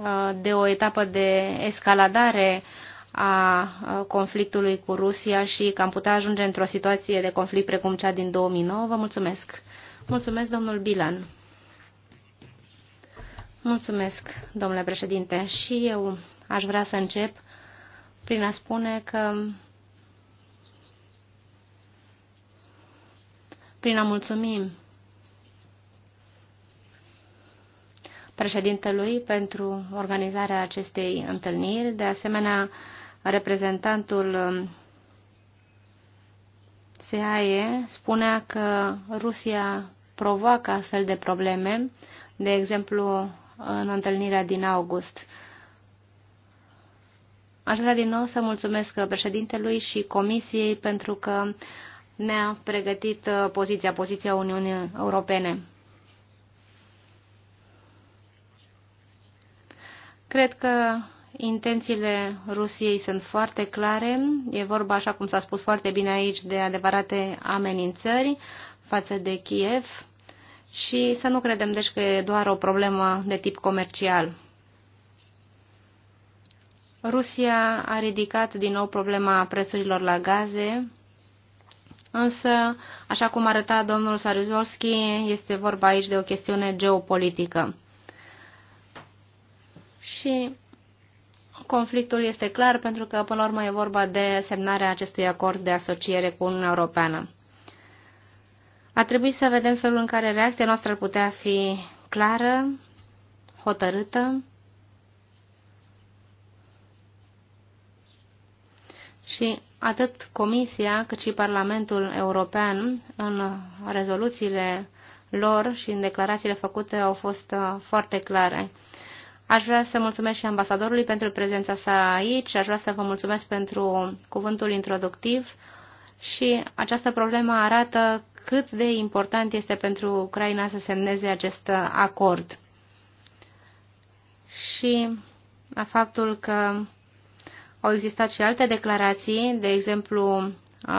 uh, de o etapă de escaladare a uh, conflictului cu Rusia și că am putea ajunge într-o situație de conflict precum cea din 2009? Vă mulțumesc. Mulțumesc, domnul Bilan. Mulțumesc, domnule președinte. Și eu aș vrea să încep prin a spune că prin a mulțumi președintelui pentru organizarea acestei întâlniri, de asemenea reprezentantul CAE um, spunea că Rusia provoacă astfel de probleme, de exemplu în întâlnirea din august. Aș vrea din nou să mulțumesc președintelui și comisiei pentru că ne-a pregătit uh, poziția, poziția Uniunii Europene. Cred că intențiile Rusiei sunt foarte clare. E vorba, așa cum s-a spus foarte bine aici, de adevărate amenințări față de Kiev și să nu credem deci că e doar o problemă de tip comercial. Rusia a ridicat din nou problema prețurilor la gaze, însă, așa cum arăta domnul Saruzolski, este vorba aici de o chestiune geopolitică și conflictul este clar pentru că, până la urmă, e vorba de semnarea acestui acord de asociere cu Uniunea Europeană. A trebuit să vedem felul în care reacția noastră ar putea fi clară, hotărâtă și atât Comisia cât și Parlamentul European în rezoluțiile lor și în declarațiile făcute au fost uh, foarte clare. Aș vrea să mulțumesc și ambasadorului pentru prezența sa aici, aș vrea să vă mulțumesc pentru cuvântul introductiv și această problemă arată cât de important este pentru Ucraina să semneze acest acord. Și a faptul că au existat și alte declarații, de exemplu,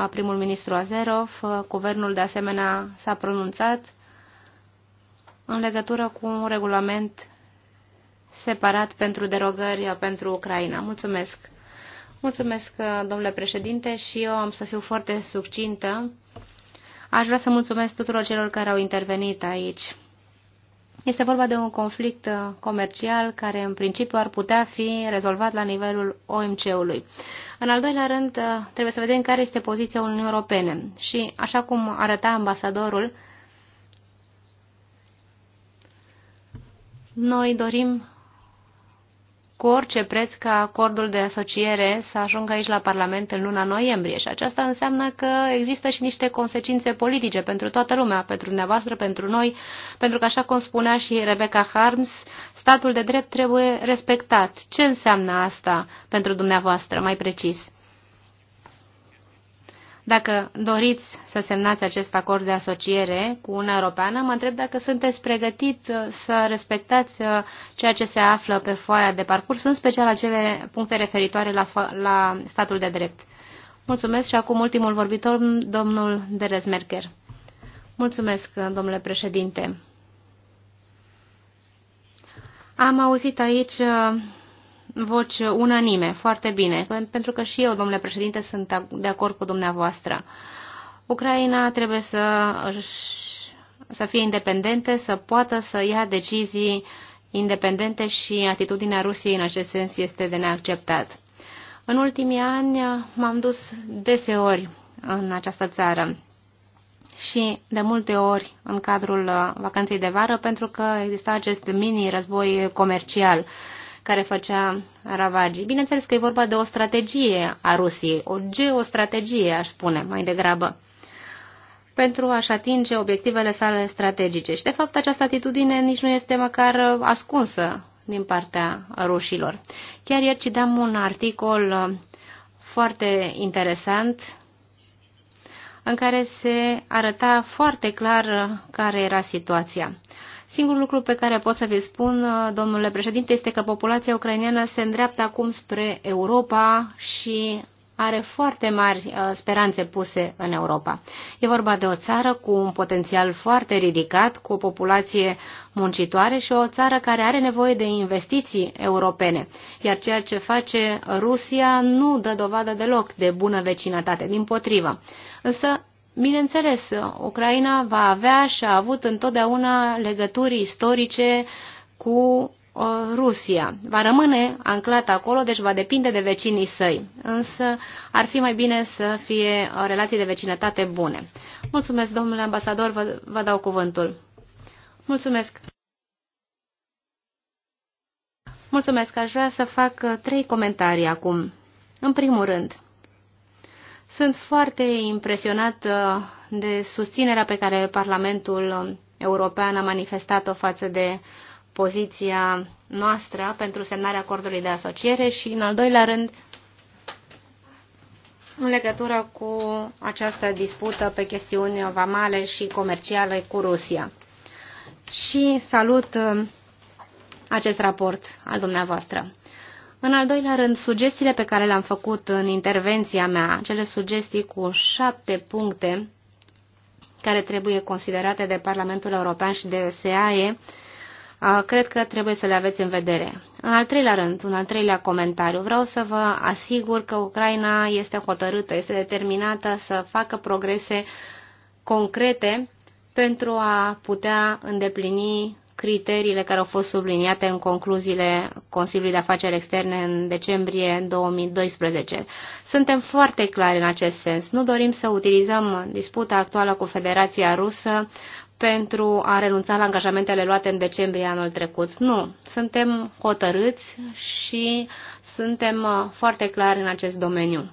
primul ministru Azerov, guvernul de asemenea s-a pronunțat în legătură cu un regulament separat pentru derogări pentru Ucraina. Mulțumesc! Mulțumesc, domnule președinte, și eu am să fiu foarte succintă. Aș vrea să mulțumesc tuturor celor care au intervenit aici. Este vorba de un conflict uh, comercial care în principiu ar putea fi rezolvat la nivelul OMC-ului. În al doilea rând, uh, trebuie să vedem care este poziția Uniunii Europene. Și așa cum arăta ambasadorul, noi dorim cu orice preț ca acordul de asociere să ajungă aici la Parlament în luna noiembrie și aceasta înseamnă că există și niște consecințe politice pentru toată lumea, pentru dumneavoastră, pentru noi, pentru că așa cum spunea și Rebecca Harms, statul de drept trebuie respectat. Ce înseamnă asta pentru dumneavoastră, mai precis? Dacă doriți să semnați acest acord de asociere cu Uniunea Europeană, mă întreb dacă sunteți pregătit uh, să respectați uh, ceea ce se află pe foaia de parcurs, în special acele puncte referitoare la, la statul de drept. Mulțumesc și acum ultimul vorbitor, domnul Derez Merker. Mulțumesc, uh, domnule președinte. Am auzit aici voci unanime. Foarte bine, pentru că și eu, domnule președinte, sunt de acord cu dumneavoastră. Ucraina trebuie să, să fie independentă, să poată să ia decizii independente și atitudinea Rusiei în acest sens este de neacceptat. În ultimii ani m-am dus deseori în această țară și de multe ori în cadrul uh, vacanței de vară pentru că exista acest mini-război comercial care făcea ravagii. Bineînțeles că e vorba de o strategie a Rusiei, o geostrategie, aș spune, mai degrabă, pentru a-și atinge obiectivele sale strategice. Și, de fapt, această atitudine nici nu este măcar ascunsă din partea rușilor. Chiar ieri citeam un articol foarte interesant în care se arăta foarte clar care era situația. Singurul lucru pe care pot să vi spun, domnule președinte, este că populația ucraineană se îndreaptă acum spre Europa și are foarte mari uh, speranțe puse în Europa. E vorba de o țară cu un potențial foarte ridicat, cu o populație muncitoare și o țară care are nevoie de investiții europene, iar ceea ce face Rusia nu dă dovadă deloc de bună vecinătate, din potrivă. Însă Bineînțeles, Ucraina va avea și a avut întotdeauna legături istorice cu uh, Rusia. Va rămâne anclată acolo, deci va depinde de vecinii săi. Însă ar fi mai bine să fie uh, relații de vecinătate bune. Mulțumesc, domnule ambasador, vă, vă dau cuvântul. Mulțumesc. Mulțumesc, aș vrea să fac uh, trei comentarii acum. În primul rând, sunt foarte impresionat uh, de susținerea pe care Parlamentul European a manifestat-o față de poziția noastră pentru semnarea acordului de asociere și, în al doilea rând, în legătură cu această dispută pe chestiuni vamale și comerciale cu Rusia. Și salut uh, acest raport al dumneavoastră. În al doilea rând, sugestiile pe care le-am făcut în intervenția mea, cele sugestii cu șapte puncte care trebuie considerate de Parlamentul European și de SAE, cred că trebuie să le aveți în vedere. În al treilea rând, un al treilea comentariu, vreau să vă asigur că Ucraina este hotărâtă, este determinată să facă progrese concrete pentru a putea îndeplini criteriile care au fost subliniate în concluziile Consiliului de Afaceri Externe în decembrie 2012. Suntem foarte clari în acest sens. Nu dorim să utilizăm disputa actuală cu Federația Rusă pentru a renunța la angajamentele luate în decembrie anul trecut. Nu. Suntem hotărâți și suntem foarte clari în acest domeniu.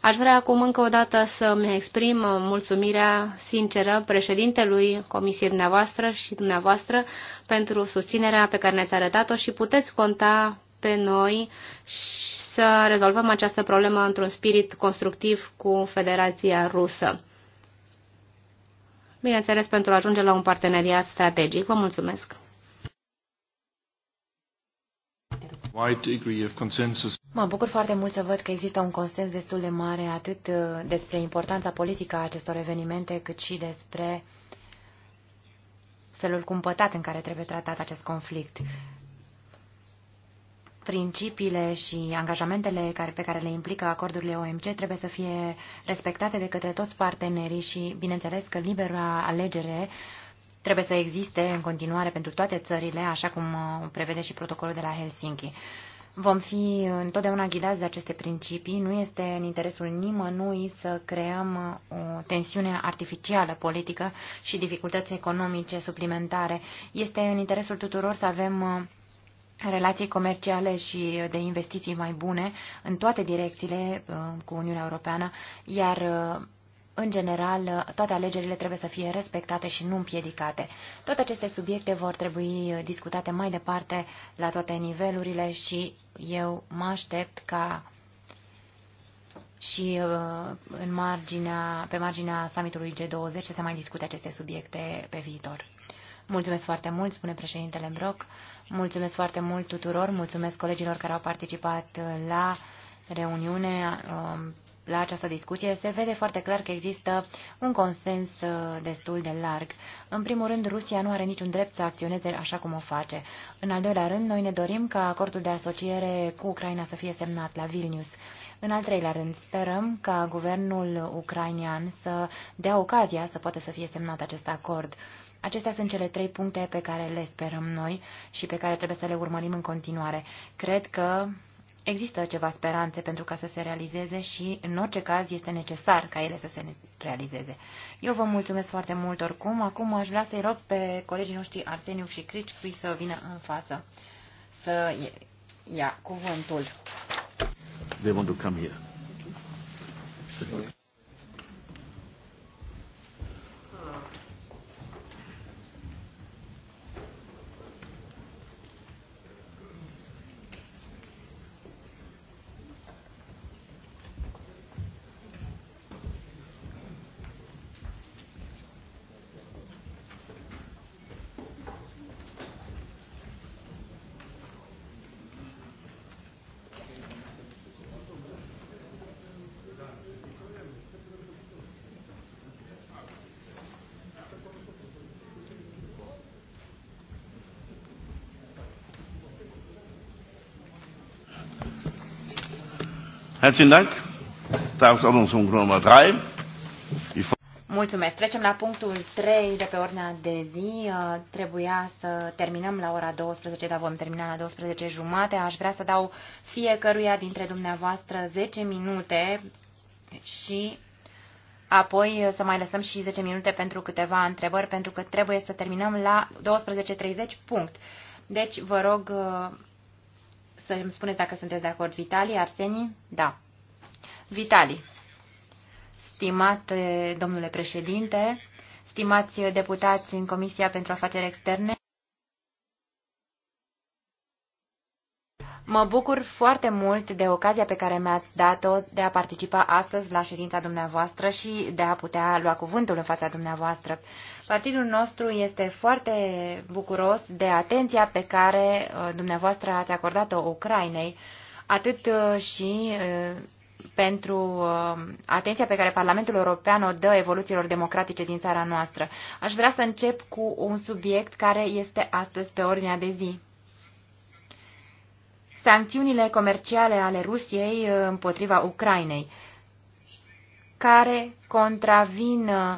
Aș vrea acum încă o dată să-mi exprim mulțumirea sinceră președintelui Comisiei dumneavoastră și dumneavoastră pentru susținerea pe care ne-ați arătat-o și puteți conta pe noi și să rezolvăm această problemă într-un spirit constructiv cu Federația Rusă. Bineînțeles, pentru a ajunge la un parteneriat strategic. Vă mulțumesc! Mă bucur foarte mult să văd că există un consens destul de mare atât uh, despre importanța politică a acestor evenimente, cât și despre felul cumpătat în care trebuie tratat acest conflict. Principiile și angajamentele care, pe care le implică acordurile OMC trebuie să fie respectate de către toți partenerii și, bineînțeles, că libera alegere trebuie să existe în continuare pentru toate țările, așa cum uh, prevede și protocolul de la Helsinki. Vom fi întotdeauna ghidați de aceste principii. Nu este în interesul nimănui să creăm uh, o tensiune artificială politică și dificultăți economice suplimentare. Este în interesul tuturor să avem uh, relații comerciale și de investiții mai bune în toate direcțiile cu Uniunea Europeană, iar în general, toate alegerile trebuie să fie respectate și nu împiedicate. Toate aceste subiecte vor trebui discutate mai departe la toate nivelurile și eu mă aștept ca și uh, în marginea, pe marginea summitului G20 să se mai discute aceste subiecte pe viitor. Mulțumesc foarte mult, spune președintele Brock. Mulțumesc foarte mult tuturor, mulțumesc colegilor care au participat la reuniune. Um, la această discuție, se vede foarte clar că există un consens uh, destul de larg. În primul rând, Rusia nu are niciun drept să acționeze așa cum o face. În al doilea rând, noi ne dorim ca acordul de asociere cu Ucraina să fie semnat la Vilnius. În al treilea rând, sperăm ca guvernul ucrainian să dea ocazia să poată să fie semnat acest acord. Acestea sunt cele trei puncte pe care le sperăm noi și pe care trebuie să le urmărim în continuare. Cred că există ceva speranțe pentru ca să se realizeze și, în orice caz, este necesar ca ele să se realizeze. Eu vă mulțumesc foarte mult oricum. Acum aș vrea să-i rog pe colegii noștri Arseniu și Cricui să vină în față să ia cuvântul. They want to come here. Herzlichen Dank. Tagesordnungspunkt Nummer 3. Mulțumesc. Trecem la punctul 3 de pe ordinea de zi. Uh, trebuia să terminăm la ora 12, dar vom termina la 12 jumate. Aș vrea să dau fiecăruia dintre dumneavoastră 10 minute și apoi să mai lăsăm și 10 minute pentru câteva întrebări, pentru că trebuie să terminăm la 12.30 punct. Deci vă rog uh, să îmi spuneți dacă sunteți de acord. Vitali, Arseni, Da. Vitali. Stimate domnule președinte, stimați deputați în Comisia pentru Afaceri Externe, Mă bucur foarte mult de ocazia pe care mi-ați dat-o de a participa astăzi la ședința dumneavoastră și de a putea lua cuvântul în fața dumneavoastră. Partidul nostru este foarte bucuros de atenția pe care uh, dumneavoastră ați acordat-o Ucrainei, atât uh, și uh, pentru atenția pe care Parlamentul European o dă evoluțiilor democratice din țara noastră. Aș vrea să încep cu un subiect care este astăzi pe ordinea de zi sancțiunile comerciale ale Rusiei uh, împotriva Ucrainei, care contravin uh,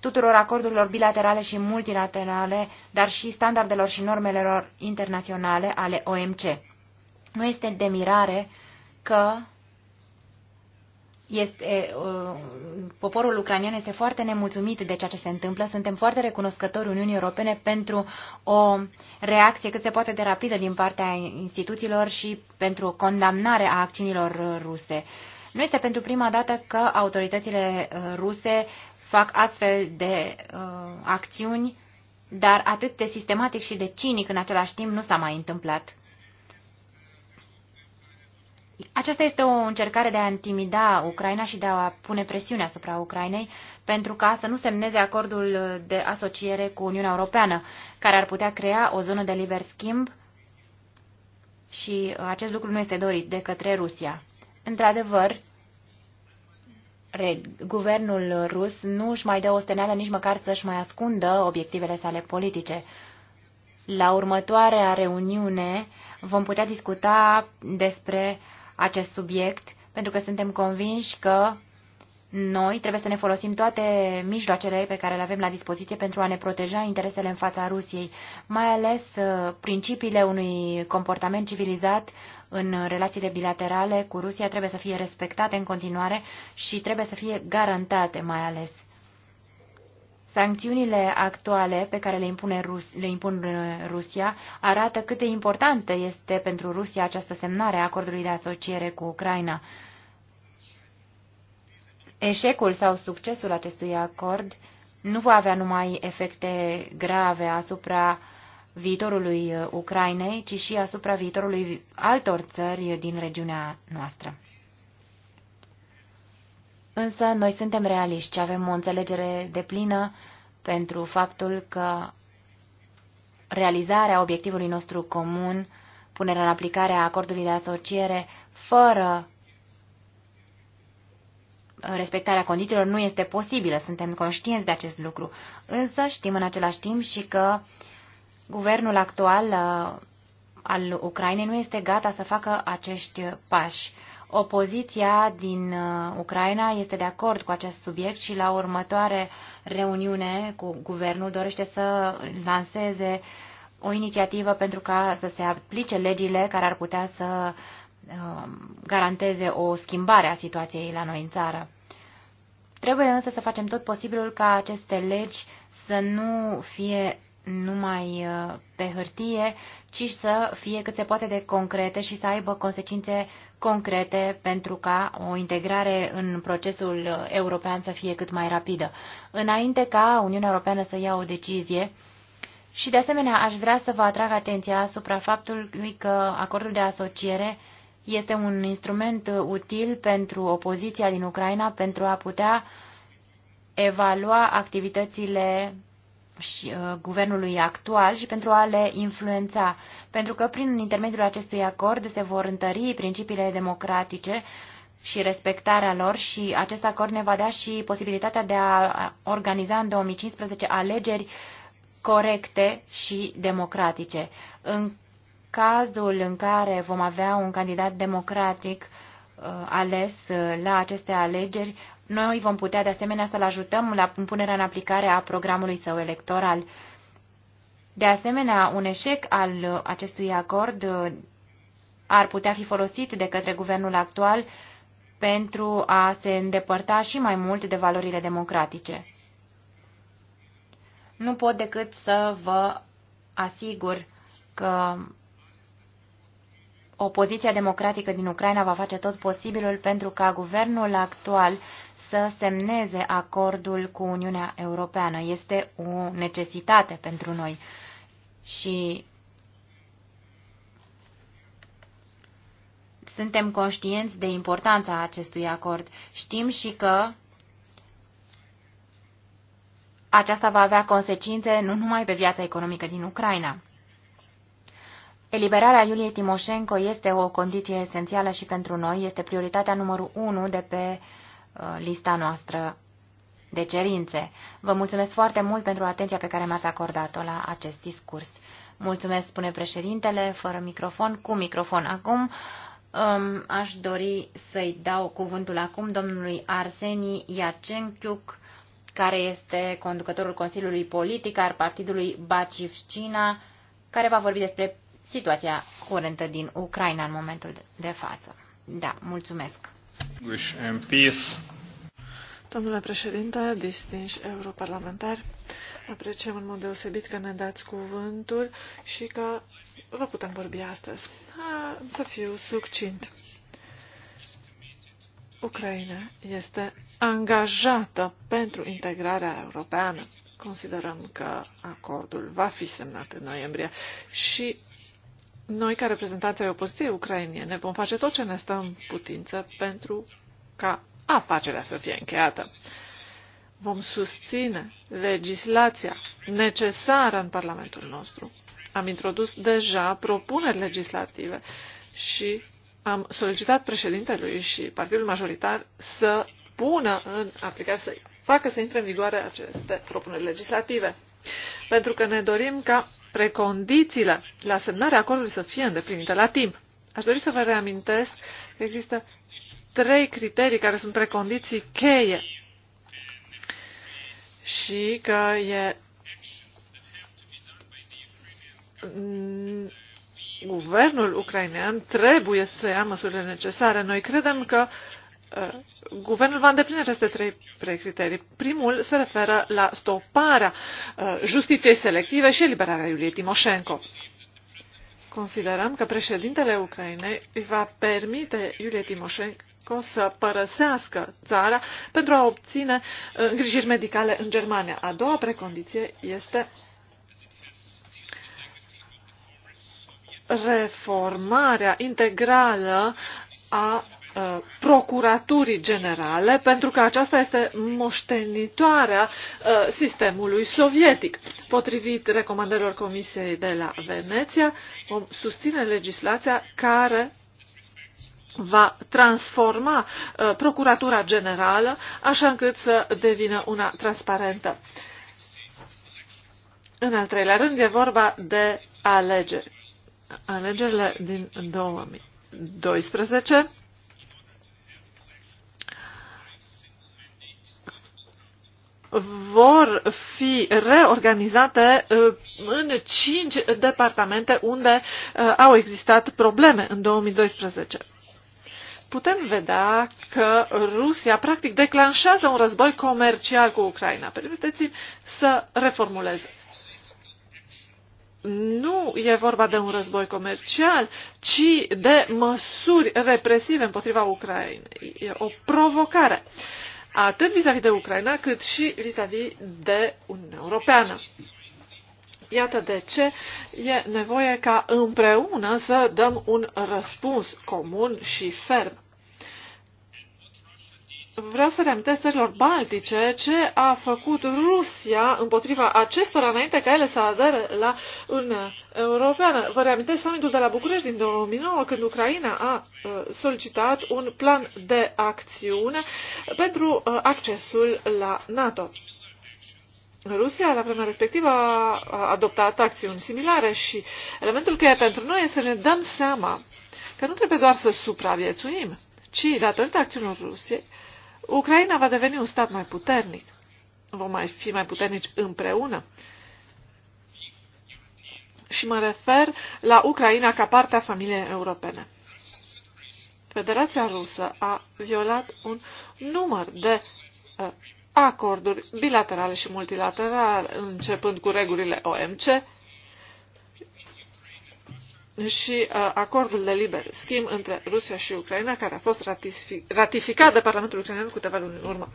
tuturor acordurilor bilaterale și multilaterale, dar și standardelor și normelor internaționale ale OMC. Nu este de mirare că este, uh, poporul ucranian este foarte nemulțumit de ceea ce se întâmplă. Suntem foarte recunoscători Uniunii Europene pentru o reacție cât se poate de rapidă din partea instituțiilor și pentru o condamnare a acțiunilor ruse. Nu este pentru prima dată că autoritățile uh, ruse fac astfel de uh, acțiuni, dar atât de sistematic și de cinic în același timp nu s-a mai întâmplat. Aceasta este o încercare de a intimida Ucraina și de a pune presiune asupra Ucrainei pentru ca să nu semneze acordul de asociere cu Uniunea Europeană, care ar putea crea o zonă de liber schimb și acest lucru nu este dorit de către Rusia. Într-adevăr, guvernul rus nu își mai dă o steneală nici măcar să-și mai ascundă obiectivele sale politice. La următoarea reuniune vom putea discuta despre uh, acest subiect, pentru că suntem convinși că noi trebuie să ne folosim toate mijloacele pe care le avem la dispoziție pentru a ne proteja interesele în fața Rusiei, mai ales uh, principiile unui comportament civilizat în relațiile bilaterale cu Rusia trebuie să fie respectate în continuare și trebuie să fie garantate mai ales. Sancțiunile actuale pe care le, impune Rus, le impun uh, Rusia arată cât de importantă este pentru Rusia această semnare a acordului de asociere cu Ucraina. Eșecul sau succesul acestui acord nu va avea numai efecte grave asupra viitorului uh, Ucrainei, ci și asupra viitorului altor țări din regiunea noastră. Însă noi suntem realiști și avem o înțelegere deplină pentru faptul că realizarea obiectivului nostru comun, punerea în aplicare a acordului de asociere, fără respectarea condițiilor nu este posibilă. Suntem conștienți de acest lucru. Însă știm în același timp și că guvernul actual uh, al Ucrainei nu este gata să facă acești pași. Opoziția din uh, Ucraina este de acord cu acest subiect și la următoare reuniune cu guvernul dorește să lanseze o inițiativă pentru ca să se aplice legile care ar putea să uh, garanteze o schimbare a situației la noi în țară. Trebuie însă să facem tot posibilul ca aceste legi să nu fie numai uh, pe hârtie, ci să fie cât se poate de concrete și să aibă consecințe concrete pentru ca o integrare în procesul uh, european să fie cât mai rapidă. Înainte ca Uniunea Europeană să ia o decizie, și de asemenea aș vrea să vă atrag atenția asupra faptului că acordul de asociere este un instrument uh, util pentru opoziția din Ucraina pentru a putea evalua activitățile și uh, guvernului actual și pentru a le influența, pentru că prin intermediul acestui acord se vor întări principiile democratice și respectarea lor și acest acord ne va da și posibilitatea de a organiza în 2015 alegeri corecte și democratice. În cazul în care vom avea un candidat democratic uh, ales uh, la aceste alegeri, noi vom putea de asemenea să-l ajutăm la punerea în aplicare a programului său electoral. De asemenea, un eșec al acestui acord uh, ar putea fi folosit de către guvernul actual pentru a se îndepărta și mai mult de valorile democratice. Nu pot decât să vă asigur că opoziția democratică din Ucraina va face tot posibilul pentru ca guvernul actual să semneze acordul cu Uniunea Europeană. Este o necesitate pentru noi. Și suntem conștienți de importanța acestui acord. Știm și că aceasta va avea consecințe nu numai pe viața economică din Ucraina. Eliberarea Iuliei Timoșenko este o condiție esențială și pentru noi, este prioritatea numărul 1 de pe uh, Uh, lista noastră de cerințe. Vă mulțumesc foarte mult pentru atenția pe care mi-ați acordat-o la acest discurs. Mulțumesc, spune președintele, fără microfon, cu microfon. Acum um, aș dori să-i dau cuvântul acum domnului Arseni Iacenciuc, care este conducătorul Consiliului Politic al Partidului Bacivcina, care va vorbi despre situația curentă din Ucraina în momentul de față. Da, mulțumesc. Domnule președinte, distinși europarlamentari, apreciem în mod deosebit că ne dați cuvântul și că vă putem vorbi astăzi. A, să fiu succint. Ucraina este angajată pentru integrarea europeană. Considerăm că acordul va fi semnat în noiembrie și noi, ca reprezentanții ai opoziției ucrainiene, vom face tot ce ne stă în putință pentru ca afacerea să fie încheiată. Vom susține legislația necesară în Parlamentul nostru. Am introdus deja propuneri legislative și am solicitat președintelui și partidul majoritar să pună în aplicare, să facă să intre în vigoare aceste propuneri legislative. Pentru că ne dorim ca precondițiile la semnarea acordului să fie îndeplinite la timp. Aș dori să vă reamintesc că există trei criterii care sunt precondiții cheie și că e guvernul ucrainean trebuie să ia măsurile necesare. Noi credem că uh, Uh, guvernul va îndeplini aceste trei criterii. Primul se referă la stoparea uh, justiției selective și eliberarea Iuliei Timoșenko. Considerăm că președintele Ucrainei îi va permite Iuliei Timoșenko să părăsească țara pentru a obține uh, îngrijiri medicale în Germania. A doua precondiție este reformarea integrală a Uh, procuraturii Generale, pentru că aceasta este moștenitoarea uh, sistemului sovietic. Potrivit recomandărilor Comisiei de la Veneția, vom susține legislația care va transforma uh, Procuratura Generală așa încât să devină una transparentă. În al treilea rând e vorba de alegeri. Alegerile din 2012 vor fi reorganizate uh, în cinci departamente unde uh, au existat probleme în 2012 putem vedea că Rusia practic declanșează un război comercial cu Ucraina. Permiteți-mi să reformulez. Nu e vorba de un război comercial, ci de măsuri represive împotriva Ucrainei. E o provocare. Uh, atât vis-a-vis -vis de Ucraina, cât și vis-a-vis -vis de Uniunea Europeană. Iată de ce e nevoie ca împreună să dăm un răspuns comun și ferm. Vreau să reamintesc țărilor baltice ce a făcut Rusia împotriva acestora înainte ca ele să adere la Uniunea Europeană. Vă reamintesc summitul de la București din 2009 când Ucraina a uh, solicitat un plan de acțiune pentru uh, accesul la NATO. Rusia, la vremea respectivă, a adoptat acțiuni similare și elementul cheie pentru noi este să ne dăm seama că nu trebuie doar să supraviețuim, ci, datorită acțiunilor Rusiei, Ucraina va deveni un stat mai puternic. Vom mai fi mai puternici împreună. Și mă refer la Ucraina ca parte a familiei europene. Federația Rusă a violat un număr de uh, acorduri bilaterale și multilaterale, începând cu regulile OMC, și uh, acordul de liber schimb între Rusia și Ucraina, care a fost ratific ratificat de Parlamentul Ucrainean cu câteva luni în urmă.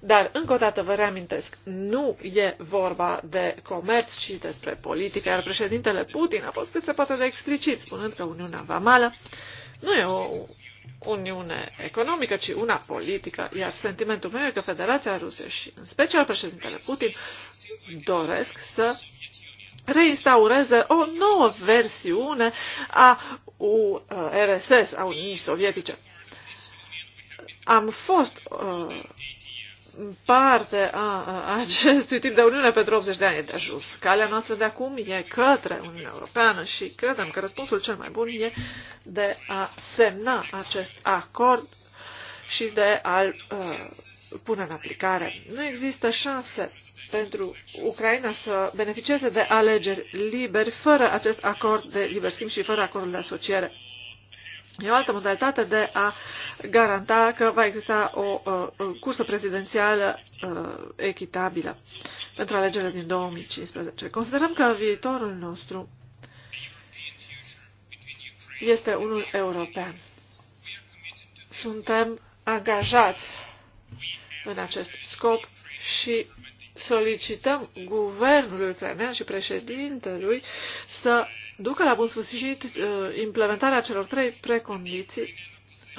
Dar, încă o dată vă reamintesc, nu e vorba de comerț, ci despre politică, iar președintele Putin a fost cât se poate de explicit, spunând că Uniunea Vamală nu e o uniune economică, ci una politică, iar sentimentul meu e că Federația Rusă și, în special, președintele Putin doresc să reinstaureze o nouă versiune a URSS, a Uniunii Sovietice. Am fost uh, parte a acestui tip de Uniune pentru 80 de ani de jos. Calea noastră de acum e către Uniunea Europeană și credem că răspunsul cel mai bun e de a semna acest acord și de a-l uh, pune în aplicare. Nu există șanse pentru Ucraina să beneficieze de alegeri liberi fără acest acord de liber schimb și fără acordul de asociere. E o altă modalitate de a garanta că va exista o uh, cursă prezidențială uh, echitabilă pentru alegerile din 2015. Considerăm că viitorul nostru este unul european. Suntem angajați în acest scop și solicităm guvernului ucrainean și președintelui să ducă la bun sfârșit uh, implementarea celor trei precondiții,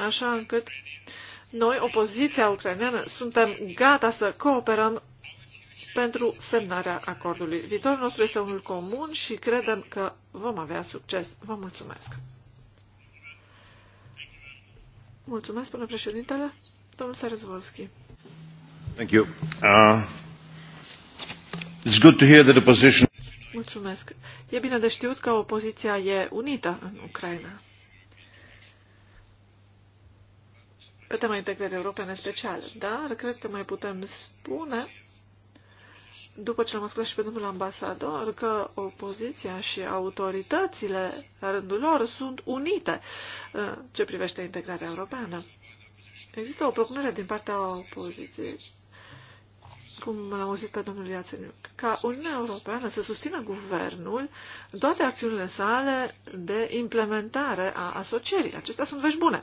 așa încât noi, opoziția ucraineană, suntem gata să cooperăm pentru semnarea acordului. Viitorul nostru este unul comun și credem că vom avea succes. Vă mulțumesc! Mulțumesc, până președintele. Domnul Sarezvolski. Thank you. Uh... Mulțumesc. E bine de știut că opoziția e unită în Ucraina. Pe tema integrării europene special, dar cred că mai putem spune, după ce l-am ascultat și pe domnul ambasador, că opoziția și autoritățile, la rândul lor, sunt unite uh, ce privește integrarea europeană. Există o propunere din partea opoziției cum l-am auzit pe domnul Iațeniuc, ca Uniunea Europeană să susțină guvernul în toate acțiunile sale de implementare a asocierii. Acestea sunt vești bune.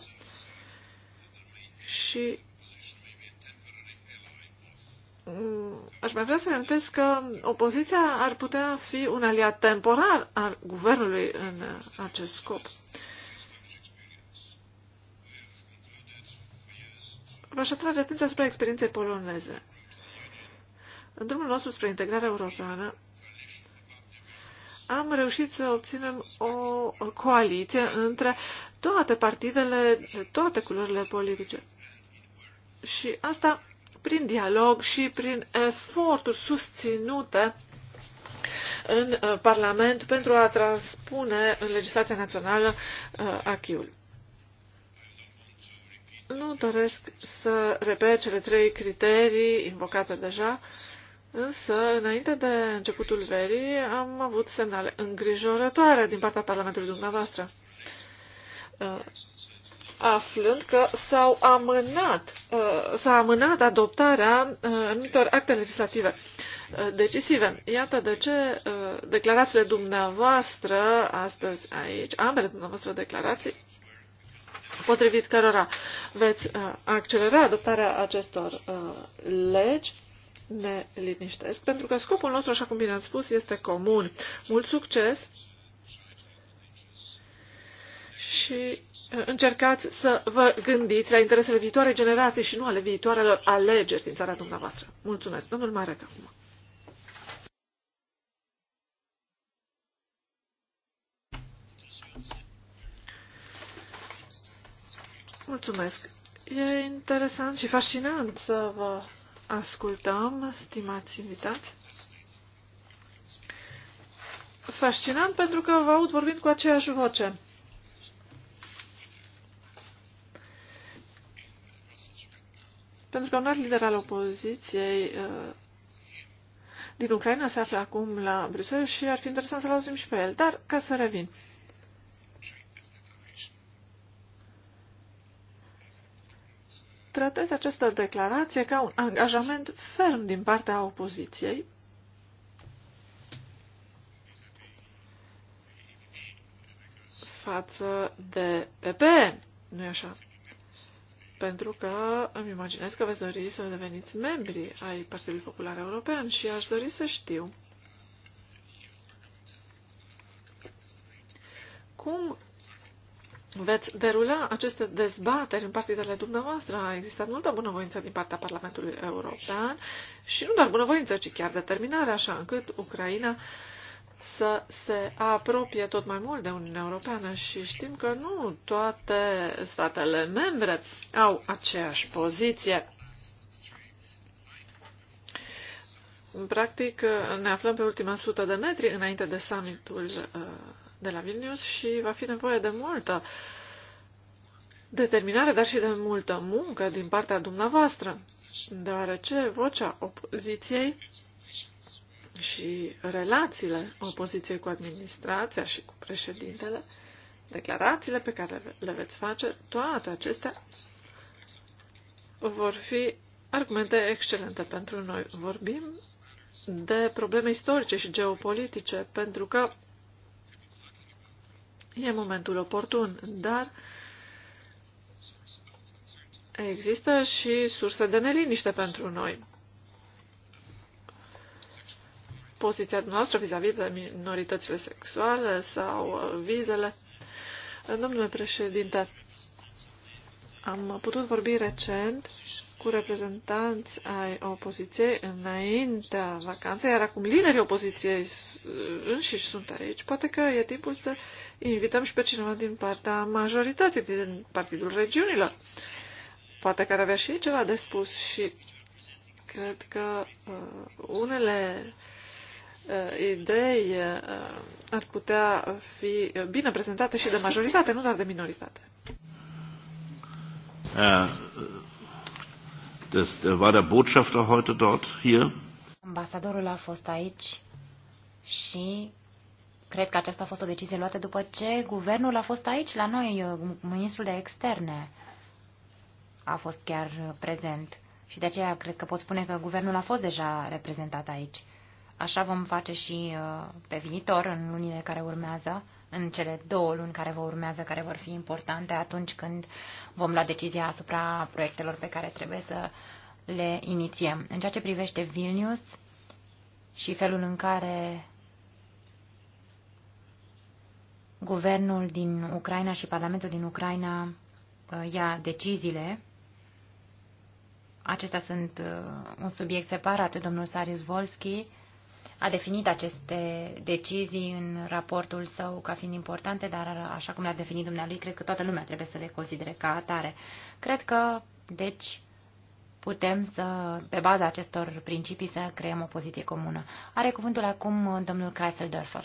Și mm, aș mai vrea să reamintesc că opoziția ar putea fi un aliat temporar al guvernului în acest scop. V-aș atrage atenția asupra experienței poloneze. În drumul nostru spre integrarea europeană, am reușit să obținem o coaliție între toate partidele de toate culorile politice. Și asta prin dialog și prin eforturi susținute în uh, Parlament pentru a transpune în legislația națională uh, ACHIUL. Nu doresc să repet cele trei criterii invocate deja, Însă, înainte de începutul verii, am avut semnale îngrijorătoare din partea Parlamentului dumneavoastră, uh, aflând că s-au amânat, uh, s-a amânat adoptarea uh, anumitor acte legislative decisive. Iată de ce declarațiile dumneavoastră astăzi aici, ambele dumneavoastră declarații, potrivit cărora veți accelera adoptarea acestor legi, ne liniștesc, pentru că scopul nostru, așa cum bine ați spus, este comun. Mult succes și uh, încercați să vă gândiți la interesele viitoare generații și nu ale viitoarelor alegeri din țara dumneavoastră. Mulțumesc. Domnul Marec acum. Mulțumesc. E interesant și fascinant să vă ascultăm, stimați invitați. Fascinant pentru că vă aud vorbind cu aceeași voce. Pentru că un alt lider al opoziției uh, din Ucraina se află acum la Bruxelles și ar fi interesant să-l auzim și pe el. Dar, ca să revin, tratez această declarație ca un angajament ferm din partea opoziției față de PP, nu e așa? Pentru că îmi imaginez că veți dori să deveniți membri ai Partidului Popular European și aș dori să știu cum veți derula aceste dezbateri în partidele dumneavoastră. A existat multă bunăvoință din partea Parlamentului European și nu doar bunăvoință, ci chiar determinare, așa încât Ucraina să se apropie tot mai mult de Uniunea Europeană și știm că nu toate statele membre au aceeași poziție. În Practic, ne aflăm pe ultima sută de metri înainte de summitul uh, de la Vilnius și va fi nevoie de multă determinare, dar și de multă muncă din partea dumneavoastră, deoarece vocea opoziției și relațiile opoziției cu administrația și cu președintele, declarațiile pe care le veți face, toate acestea vor fi argumente excelente pentru noi. Vorbim de probleme istorice și geopolitice, pentru că E momentul oportun, dar există și surse de neliniște pentru noi. Poziția noastră vis-a-vis -vis de minoritățile sexuale sau uh, vizele. Domnule președinte, am putut vorbi recent cu reprezentanți ai opoziției înaintea vacanței, iar acum liderii opoziției înșiși sunt aici, poate că e timpul să invităm și pe cineva din partea majorității, din Partidul Regiunilor. Poate că ar avea și ei ceva de spus și cred că uh, unele uh, idei uh, ar putea fi bine prezentate și de majoritate, nu doar de minoritate. Uh, Das, äh, war der Botschafter heute dort hier. Ambasadorul a fost aici și cred că aceasta a fost o decizie luată după ce guvernul a fost aici la noi, ministrul de externe a fost chiar prezent. Și de aceea cred că pot spune că guvernul a fost deja reprezentat aici. Așa vom face și uh, pe viitor, în lunile care urmează în cele două luni care vă urmează, care vor fi importante atunci când vom lua decizia asupra proiectelor pe care trebuie să le inițiem. În ceea ce privește Vilnius și felul în care guvernul din Ucraina și Parlamentul din Ucraina uh, ia deciziile, acestea sunt uh, un subiect separat. Domnul Sarius Volski a definit aceste decizii în raportul său ca fiind importante, dar așa cum le-a definit dumnealui, cred că toată lumea trebuie să le considere ca atare. Cred că, deci, putem să, pe baza acestor principii, să creăm o poziție comună. Are cuvântul acum domnul Kreiseldorfer.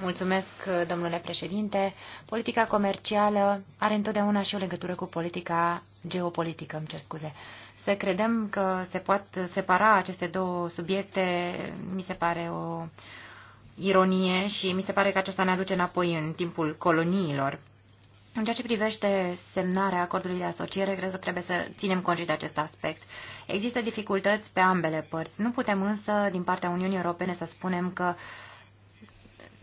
Mulțumesc, domnule președinte. Politica comercială are întotdeauna și o legătură cu politica geopolitică, îmi cer scuze. Să credem că se pot separa aceste două subiecte mi se pare o ironie și mi se pare că aceasta ne aduce înapoi în timpul coloniilor. În ceea ce privește semnarea acordului de asociere, cred că trebuie să ținem cont de acest aspect. Există dificultăți pe ambele părți. Nu putem însă, din partea Uniunii Europene, să spunem că uh,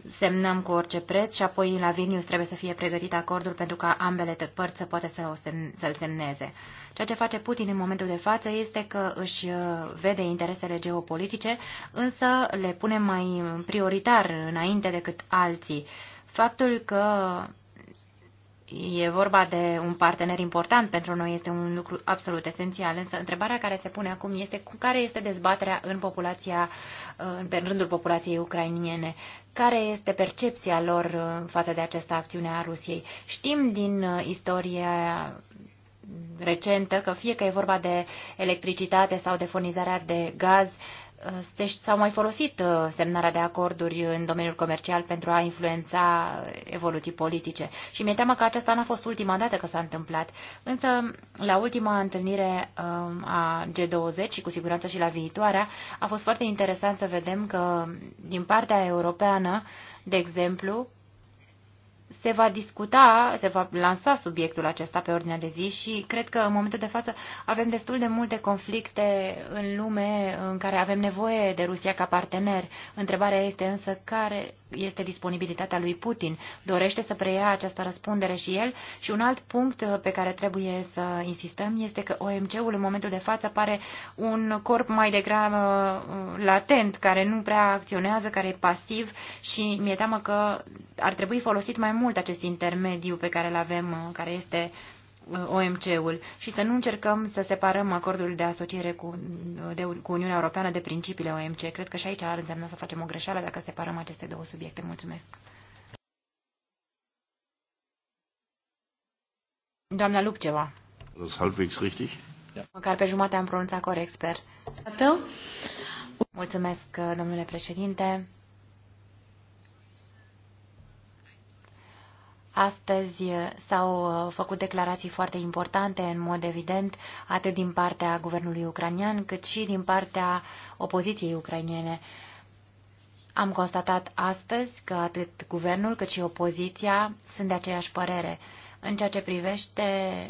semnăm cu orice preț și apoi la Vilnius trebuie să fie pregătit acordul pentru ca ambele părți să poată să să-l semneze. Ceea ce face Putin în momentul de față este că își uh, vede interesele geopolitice, însă le pune mai prioritar înainte decât alții. Faptul că E vorba de un partener important pentru noi, este un lucru absolut esențial, însă întrebarea care se pune acum este cu care este dezbaterea în populația, în rândul populației ucrainiene, care este percepția lor uh, față de această acțiune a Rusiei. Știm din uh, istoria recentă că fie că e vorba de electricitate sau de furnizarea de gaz, s-au mai folosit uh, semnarea de acorduri în domeniul comercial pentru a influența evoluții politice. Și mi-e teamă că aceasta n-a fost ultima dată că s-a întâmplat. Însă, la ultima întâlnire um, a G20 și cu siguranță și la viitoarea, a fost foarte interesant să vedem că din partea europeană, de exemplu, se va discuta, se va lansa subiectul acesta pe ordinea de zi și cred că în momentul de față avem destul de multe conflicte în lume în care avem nevoie de Rusia ca partener. Întrebarea este însă care este disponibilitatea lui Putin. Dorește să preia această răspundere și el? Și un alt punct uh, pe care trebuie să insistăm este că OMC-ul în momentul de față pare un corp mai degrabă uh, latent, care nu prea acționează, care e pasiv și mi-e teamă că ar trebui folosit mai mult acest intermediu pe care îl avem, uh, care este Uh, OMC-ul și să nu încercăm să separăm acordul de asociere cu, uh, de, cu Uniunea Europeană de principiile OMC. Cred că și aici ar însemna să facem o greșeală dacă separăm aceste două subiecte. Mulțumesc. Doamna Lupceva. Das ist halbwegs richtig. Măcar pe jumate am pronunțat corect, sper. Mulțumesc, uh, domnule președinte. Astăzi s-au uh, făcut declarații foarte importante, în mod evident, atât din partea guvernului ucranian, cât și din partea opoziției ucrainiene. Am constatat astăzi că atât guvernul cât și opoziția sunt de aceeași părere. În ceea ce privește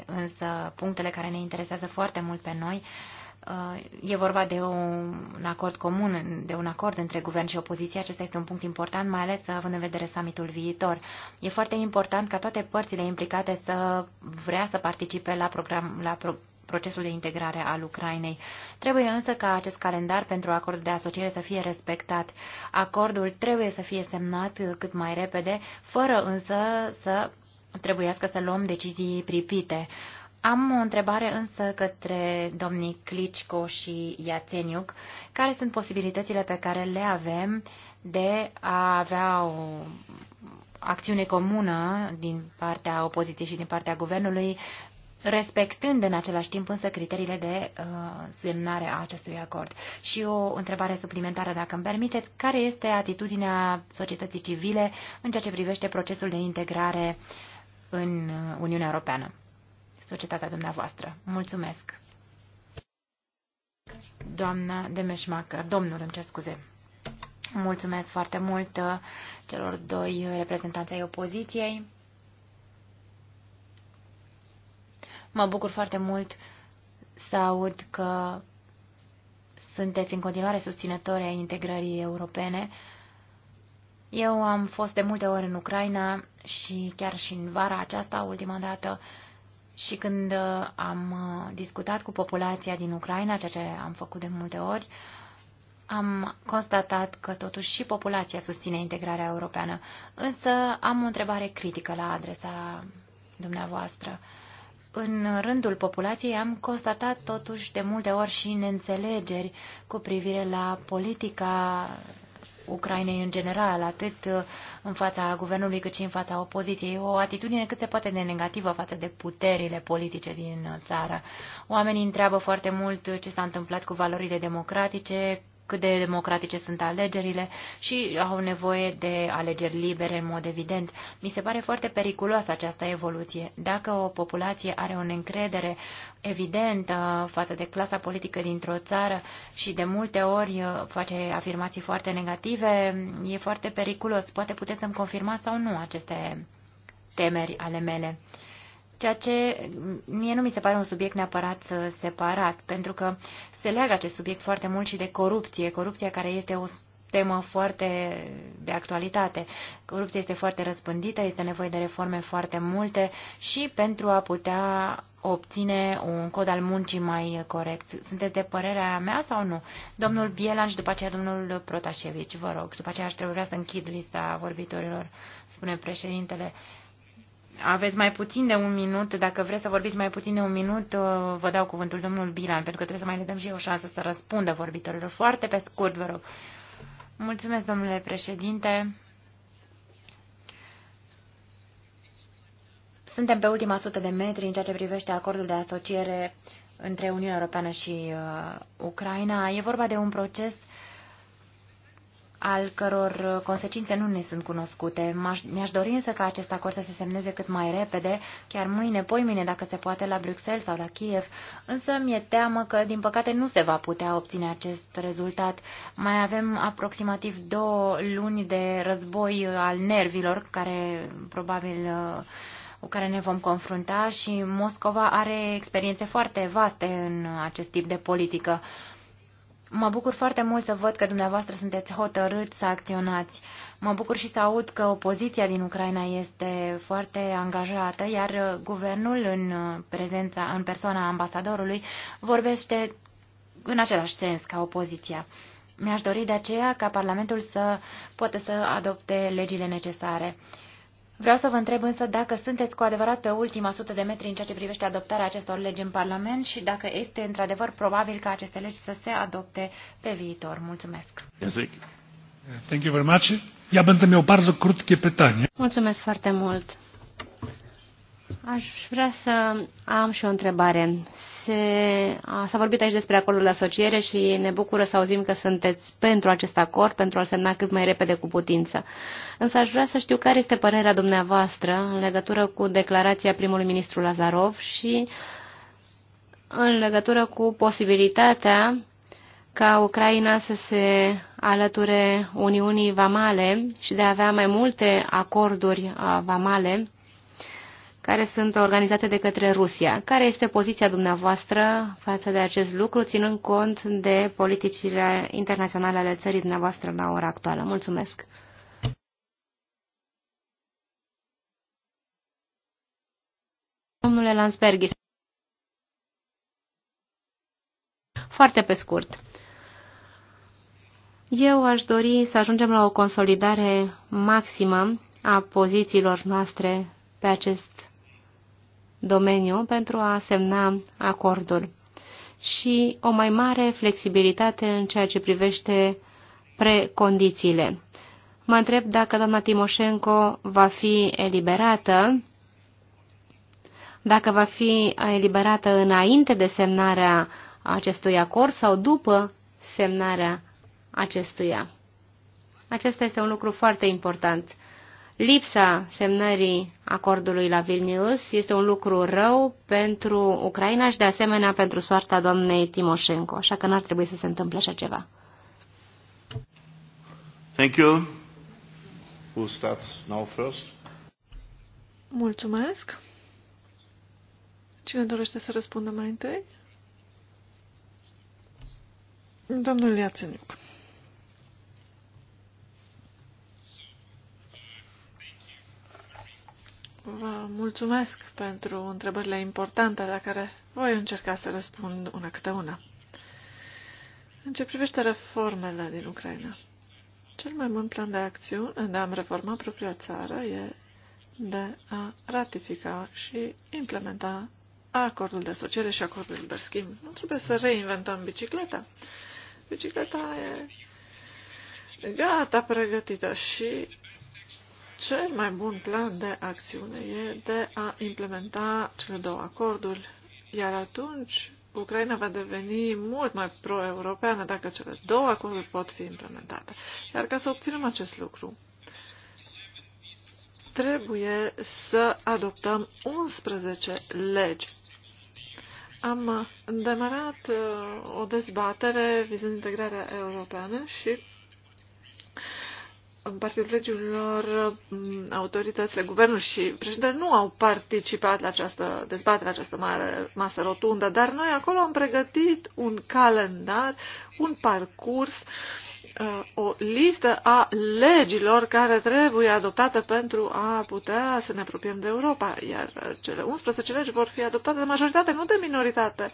însă punctele care ne interesează foarte mult pe noi, Uh, e vorba de un acord comun, de un acord între guvern și opoziție. Acesta este un punct important, mai ales având în vedere summitul viitor. E foarte important ca toate părțile implicate să vrea să participe la, program, la pro, procesul de integrare al Ucrainei. Trebuie însă ca acest calendar pentru acordul de asociere să fie respectat. Acordul trebuie să fie semnat cât mai repede, fără însă să trebuiască să luăm decizii pripite. Am o întrebare însă către domnii Clicico și Iațeniuc. Care sunt posibilitățile pe care le avem de a avea o acțiune comună din partea opoziției și din partea guvernului, respectând în același timp însă criteriile de uh, semnare a acestui acord. Și o întrebare suplimentară, dacă îmi permiteți, care este atitudinea societății civile în ceea ce privește procesul de integrare în Uniunea Europeană? societatea dumneavoastră. Mulțumesc! Doamna Demeșmacher, domnul, îmi cer scuze. Mulțumesc foarte mult uh, celor doi reprezentanți ai opoziției. Mă bucur foarte mult să aud că sunteți în continuare susținători ai integrării europene. Eu am fost de multe ori în Ucraina și chiar și în vara aceasta, ultima dată, uh, și când uh, am uh, discutat cu populația din Ucraina, ceea ce am făcut de multe ori, am constatat că totuși și populația susține integrarea europeană. Însă am o întrebare critică la adresa dumneavoastră. În rândul populației am constatat totuși de multe ori și neînțelegeri cu privire la politica Ucrainei în general, atât uh, în fața guvernului cât și în fața opoziției. O atitudine cât se poate de negativă față de puterile politice din țară. Oamenii întreabă foarte mult ce s-a întâmplat cu valorile democratice, cât de democratice sunt alegerile și au nevoie de alegeri libere în mod evident. Mi se pare foarte periculoasă această evoluție. Dacă o populație are o încredere evidentă față de clasa politică dintr-o țară și de multe ori face afirmații foarte negative, e foarte periculos. Poate puteți să-mi confirmați sau nu aceste temeri ale mele ceea ce mie nu mi se pare un subiect neapărat separat, pentru că se leagă acest subiect foarte mult și de corupție, corupția care este o temă foarte de actualitate. Corupția este foarte răspândită, este nevoie de reforme foarte multe și pentru a putea obține un cod al muncii mai corect. Sunteți de părerea mea sau nu? Domnul Bielan și după aceea domnul Protașevici, vă rog. Și după aceea aș trebui să închid lista vorbitorilor, spune președintele. Aveți mai puțin de un minut, dacă vreți să vorbiți mai puțin de un minut, uh, vă dau cuvântul domnul Bilan, pentru că trebuie să mai le dăm și eu o șansă să răspundă vorbitorilor. Foarte pe scurt, vă rog. Mulțumesc, domnule președinte. Suntem pe ultima sută de metri în ceea ce privește acordul de asociere între Uniunea Europeană și uh, Ucraina. E vorba de un proces uh, al căror uh, consecințe nu ne sunt cunoscute. Mi-aș dori însă ca acest acord să se semneze cât mai repede, chiar mâine, poimine, dacă se poate, la Bruxelles sau la Kiev, însă mi-e teamă că, din păcate, nu se va putea obține acest rezultat. Mai avem aproximativ două luni de război uh, al nervilor, care probabil uh, cu care ne vom confrunta și Moscova are experiențe foarte vaste în acest tip de politică. Mă bucur foarte mult să văd că dumneavoastră sunteți hotărât să acționați. Mă bucur și să aud că opoziția din Ucraina este foarte angajată, iar guvernul în prezența, în persoana ambasadorului, vorbește în același sens ca opoziția. Mi-aș dori de aceea ca Parlamentul să poată să adopte legile necesare. Vreau să vă întreb însă dacă sunteți cu adevărat pe ultima sută de metri în ceea ce privește adoptarea acestor legi în Parlament și dacă este într-adevăr probabil ca aceste legi să se adopte pe viitor. Mulțumesc! Thank you very much. Mulțumesc foarte mult. Aș vrea să am și o întrebare. S-a vorbit aici despre acordul de asociere și ne bucură să auzim că sunteți pentru acest acord, pentru a semna cât mai repede cu putință. Însă aș vrea să știu care este părerea dumneavoastră în legătură cu declarația primului ministru Lazarov și în legătură cu posibilitatea ca Ucraina să se alăture Uniunii Vamale și de a avea mai multe acorduri vamale care sunt organizate de către Rusia. Care este poziția dumneavoastră față de acest lucru, ținând cont de politicile internaționale ale țării dumneavoastră la ora actuală? Mulțumesc! Domnule Lansbergis. Foarte pe scurt. Eu aș dori să ajungem la o consolidare maximă a pozițiilor noastre pe acest domeniu pentru a semna acordul și o mai mare flexibilitate în ceea ce privește precondițiile. Mă întreb dacă doamna Timoșenko va fi eliberată, dacă va fi eliberată înainte de semnarea acestui acord sau după semnarea acestuia. Acesta este un lucru foarte important. Lipsa semnării acordului la Vilnius este un lucru rău pentru Ucraina și de asemenea pentru soarta doamnei Timoshenko. așa că n-ar trebui să se întâmple așa ceva. Thank you. Who starts now first? Mulțumesc. Cine dorește să răspundă mai întâi? Domnul Iațeniuc. Vă mulțumesc pentru întrebările importante la care voi încerca să răspund una câte una. În ce privește reformele din Ucraina, cel mai bun plan de acțiune de a-mi reforma propria țară e de a ratifica și implementa acordul de asociere și acordul de liber schimb. Nu trebuie să reinventăm bicicleta. Bicicleta e gata, pregătită și cel mai bun plan de acțiune e de a implementa cele două acorduri, iar atunci Ucraina va deveni mult mai pro-europeană dacă cele două acorduri pot fi implementate. Iar ca să obținem acest lucru, trebuie să adoptăm 11 legi. Am demarat uh, o dezbatere vizând integrarea europeană și Partidul Regiunilor, mm, autoritățile, guvernul și președintele nu au participat la această dezbatere, la această mare masă rotundă, dar noi acolo am pregătit un calendar, un parcurs, uh, o listă a legilor care trebuie adoptate pentru a putea să ne apropiem de Europa, iar cele 11 legi vor fi adoptate de majoritate, nu de minoritate.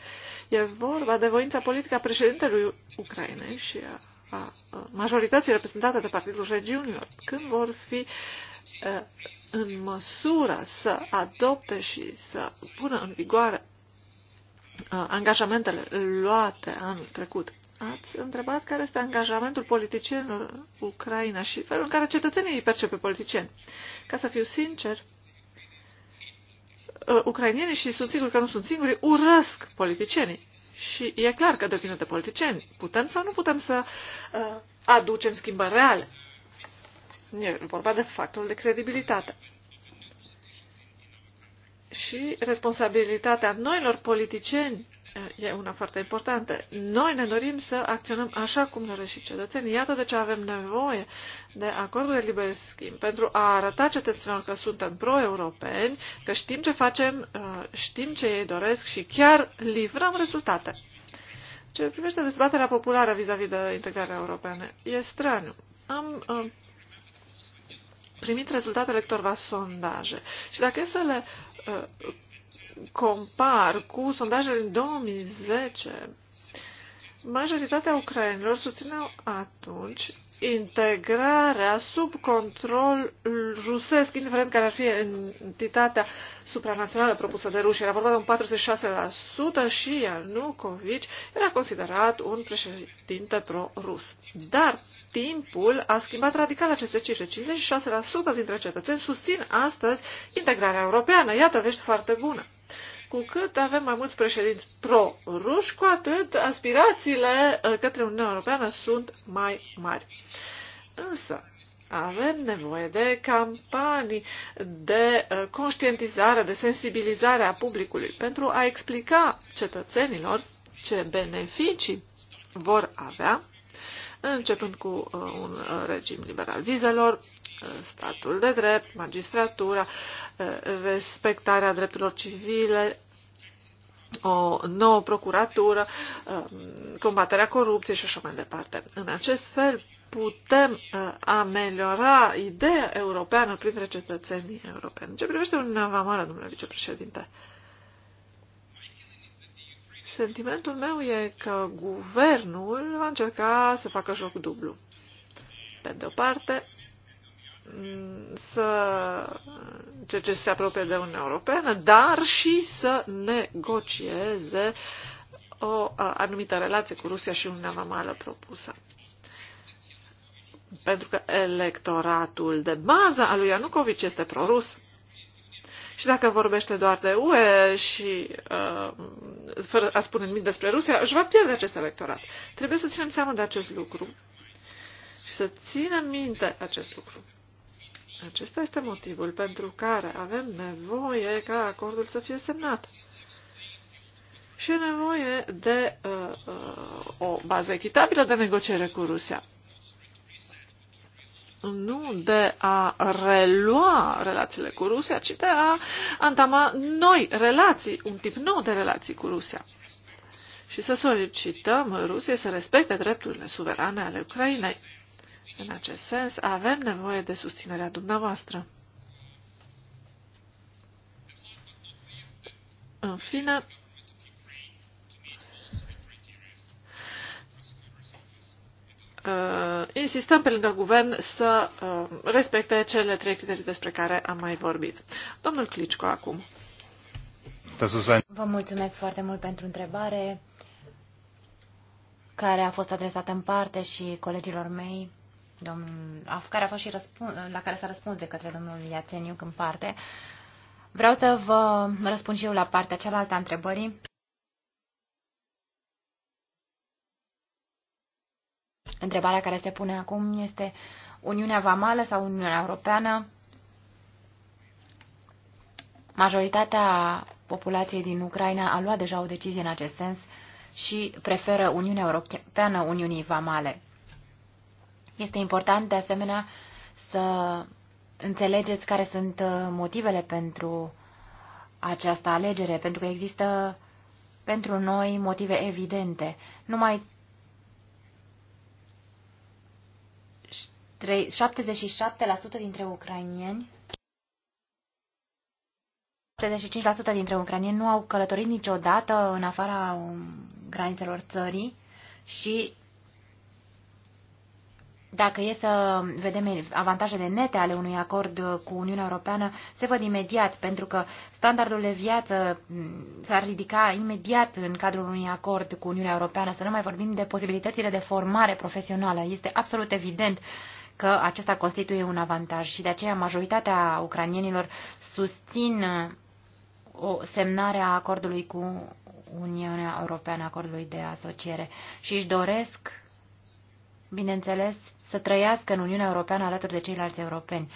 E vorba de voința politică a președintelui Ucrainei și a a majorității reprezentate de Partidul Regiunilor, când vor fi în măsură să adopte și să pună în vigoare angajamentele luate anul trecut. Ați întrebat care este angajamentul politicienilor în Ucraina și felul în care cetățenii îi percepe politicieni. Ca să fiu sincer, ucrainienii și sunt sigur că nu sunt singuri, urăsc politicienii. Și e clar că depinde de politicieni. Putem sau nu putem să uh, aducem schimbări reale? E vorba de factorul de credibilitate. Și responsabilitatea noilor politicieni e una foarte importantă. Noi ne dorim să acționăm așa cum doresc și cetățenii. Iată de ce avem nevoie de acordul de liber schimb, pentru a arăta cetățenilor că suntem pro-europeni, că știm ce facem, uh, știm ce ei doresc și chiar livrăm rezultate. Ce privește dezbaterea populară vis-a-vis -vis de integrarea europeană, e straniu. Am uh, primit rezultatele câtorva sondaje și dacă e să le uh, compar cu sondajele din 2010, majoritatea ucrainilor susțineau atunci integrarea sub control rusesc, indiferent care ar fi entitatea supranațională propusă de Rusia. Era vorba un 46% și Ianucovici era considerat un președinte pro-rus. Dar timpul a schimbat radical aceste cifre. 56% dintre cetățeni susțin astăzi integrarea europeană. Iată vești foarte bună. Cu cât avem mai mulți președinți pro-ruși, cu atât aspirațiile uh, către Uniunea Europeană sunt mai mari. Însă, avem nevoie de campanii de uh, conștientizare, de sensibilizare a publicului pentru a explica cetățenilor ce beneficii vor avea începând cu uh, un uh, regim liberal vizelor, uh, statul de drept, magistratura, respectarea drepturilor civile, o nouă procuratură, um, combaterea corupției și așa mai departe. În acest fel putem ameliora ideea europeană printre cetățenii europeni. Ce privește Uniunea Vamală, domnule vicepreședinte? Sentimentul meu e că guvernul va încerca să facă joc dublu. Pe de o parte, mm, să ceea ce se apropie de Uniunea Europeană, dar și să negocieze o anumită relație cu Rusia și Uniunea Vamală propusă. Pentru că electoratul de bază al lui Ianucovici este prorus. Și dacă vorbește doar de UE și uh, fără a spune nimic despre Rusia, își va pierde acest electorat. Trebuie să ținem seama de acest lucru și să ținem minte acest lucru. Acesta este motivul pentru care avem nevoie ca acordul să fie semnat. Și e nevoie de uh, uh, o bază echitabilă de negociere cu Rusia nu de a relua relațiile cu Rusia, ci de a antama noi relații, un tip nou de relații cu Rusia. Și să solicităm Rusiei să respecte drepturile suverane ale Ucrainei. În acest sens, avem nevoie de susținerea dumneavoastră. În fine, uh, insistăm pe lângă guvern să uh, respecte cele trei criterii despre care am mai vorbit. Domnul Clicco, acum. Vă mulțumesc foarte mult pentru întrebare care a fost adresată în parte și colegilor mei, domnul, care a fost și răspuns, la care s-a răspuns de către domnul Iațeniuc în parte. Vreau să vă răspund și eu la partea cealaltă a întrebării. Întrebarea care se pune acum este Uniunea Vamală sau Uniunea Europeană? Majoritatea populației din Ucraina a luat deja o decizie în acest sens și preferă Uniunea Europeană Uniunii Vamale. Este important, de asemenea, să înțelegeți care sunt uh, motivele pentru această alegere, pentru că există pentru noi motive evidente. Numai 77% dintre ucrainieni 75% dintre ucrainieni nu au călătorit niciodată în afara um, granițelor țării și dacă e să vedem avantajele nete ale unui acord cu Uniunea Europeană, se văd imediat, pentru că standardul de viață s-ar ridica imediat în cadrul unui acord cu Uniunea Europeană, să nu mai vorbim de posibilitățile de formare profesională. Este absolut evident că acesta constituie un avantaj și de aceea majoritatea ucranienilor susțin uh, o semnare a acordului cu Uniunea Europeană, acordului de asociere și își doresc, bineînțeles, să trăiască în Uniunea Europeană alături de ceilalți europeni.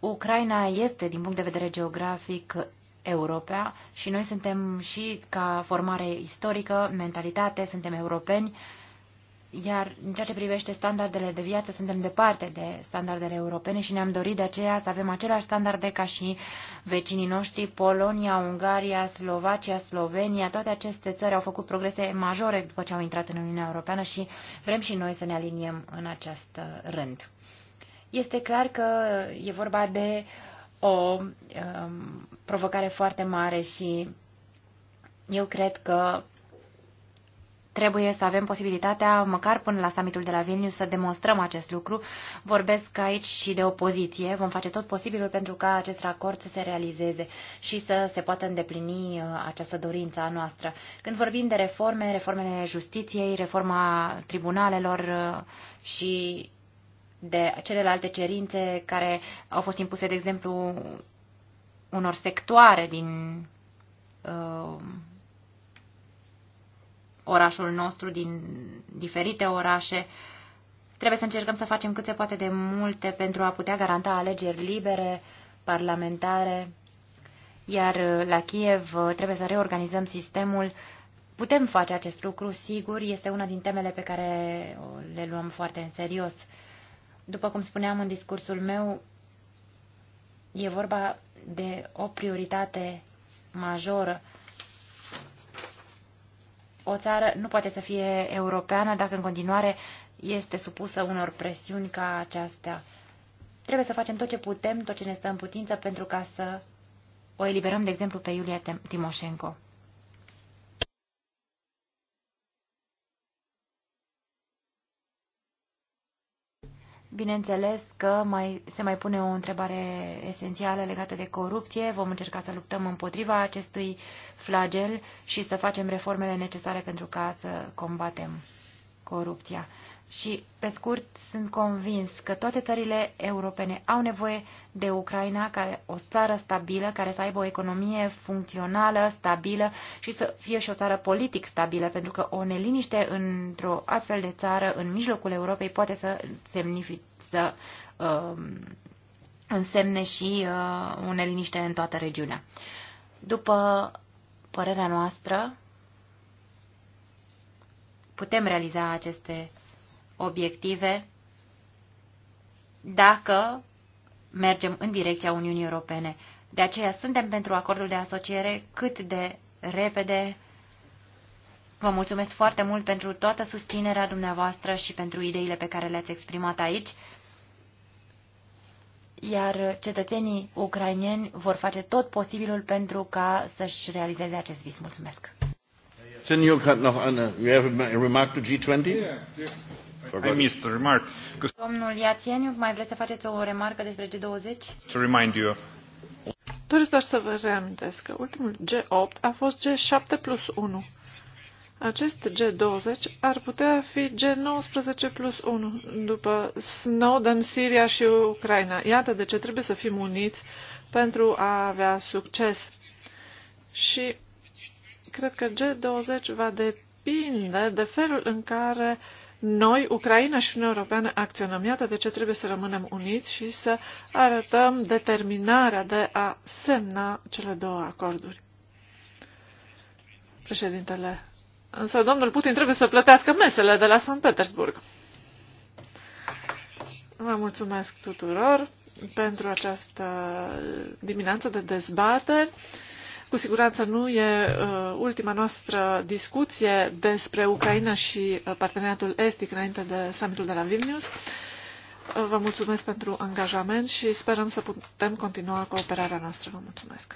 Ucraina este, din punct de vedere geografic, Europea și noi suntem și ca formare istorică, mentalitate, suntem europeni iar în ceea ce privește standardele de viață, suntem departe de standardele europene și ne-am dorit de aceea să avem aceleași standarde ca și vecinii noștri, Polonia, Ungaria, Slovacia, Slovenia. Toate aceste țări au făcut progrese majore după ce au intrat în Uniunea Europeană și vrem și noi să ne aliniem în acest rând. Este clar că e vorba de o um, provocare foarte mare și eu cred că trebuie să avem posibilitatea, măcar până la summitul de la Vilnius, să demonstrăm acest lucru. Vorbesc aici și de opoziție. Vom face tot posibilul pentru ca acest acord să se realizeze și să se poată îndeplini uh, această dorință a noastră. Când vorbim de reforme, reformele justiției, reforma tribunalelor uh, și de celelalte cerințe care au fost impuse, de exemplu, unor sectoare din uh, orașul nostru, din diferite orașe. Trebuie să încercăm să facem cât se poate de multe pentru a putea garanta alegeri libere, parlamentare, iar uh, la Kiev uh, trebuie să reorganizăm sistemul. Putem face acest lucru, sigur, este una din temele pe care le luăm foarte în serios. După cum spuneam în discursul meu, e vorba de o prioritate majoră o țară nu poate să fie europeană dacă în continuare este supusă unor presiuni ca aceasta. Trebuie să facem tot ce putem, tot ce ne stă în putință pentru ca să o eliberăm, de exemplu, pe Iulia Timoșenco. Bineînțeles că mai, se mai pune o întrebare esențială legată de corupție. Vom încerca să luptăm împotriva acestui flagel și să facem reformele necesare pentru ca să combatem corupția. Și, pe scurt, sunt convins că toate țările europene au nevoie de Ucraina, care o țară stabilă, care să aibă o economie funcțională, stabilă și să fie și o țară politic stabilă, pentru că o neliniște într-o astfel de țară, în mijlocul Europei, poate să, semnific, să uh, însemne și uh, o neliniște în toată regiunea. După părerea noastră, putem realiza aceste obiective dacă mergem în direcția Uniunii Europene. De aceea suntem pentru acordul de asociere cât de repede. Vă mulțumesc foarte mult pentru toată susținerea dumneavoastră și pentru ideile pe care le-ați exprimat aici. Iar cetățenii ucrainieni vor face tot posibilul pentru ca să-și realizeze acest vis. Mulțumesc! Senior hat noch uh, eine, you have a remark to G20? Yeah, yeah. Domnul Iațieniu, mai vreți să faceți o remarcă despre G20? To remind you. Doresc doar să vă reamintesc că ultimul G8 a fost G7 plus 1. Acest G20 ar putea fi G19 plus 1 după Snowden, Siria și Ucraina. Iată de ce trebuie să fim uniți pentru a avea succes. Și cred că G20 va depinde de felul în care noi, Ucraina și Uniunea Europeană, acționăm. Iată de ce trebuie să rămânem uniți și să arătăm determinarea de a semna cele două acorduri. Președintele, însă domnul Putin trebuie să plătească mesele de la San Petersburg. Vă mulțumesc tuturor pentru această dimineață de dezbateri. Cu siguranță nu e uh, ultima noastră discuție despre Ucraina și uh, parteneriatul estic înainte de summitul de la Vilnius. Uh, vă mulțumesc pentru angajament și sperăm să putem continua cooperarea noastră. Vă mulțumesc!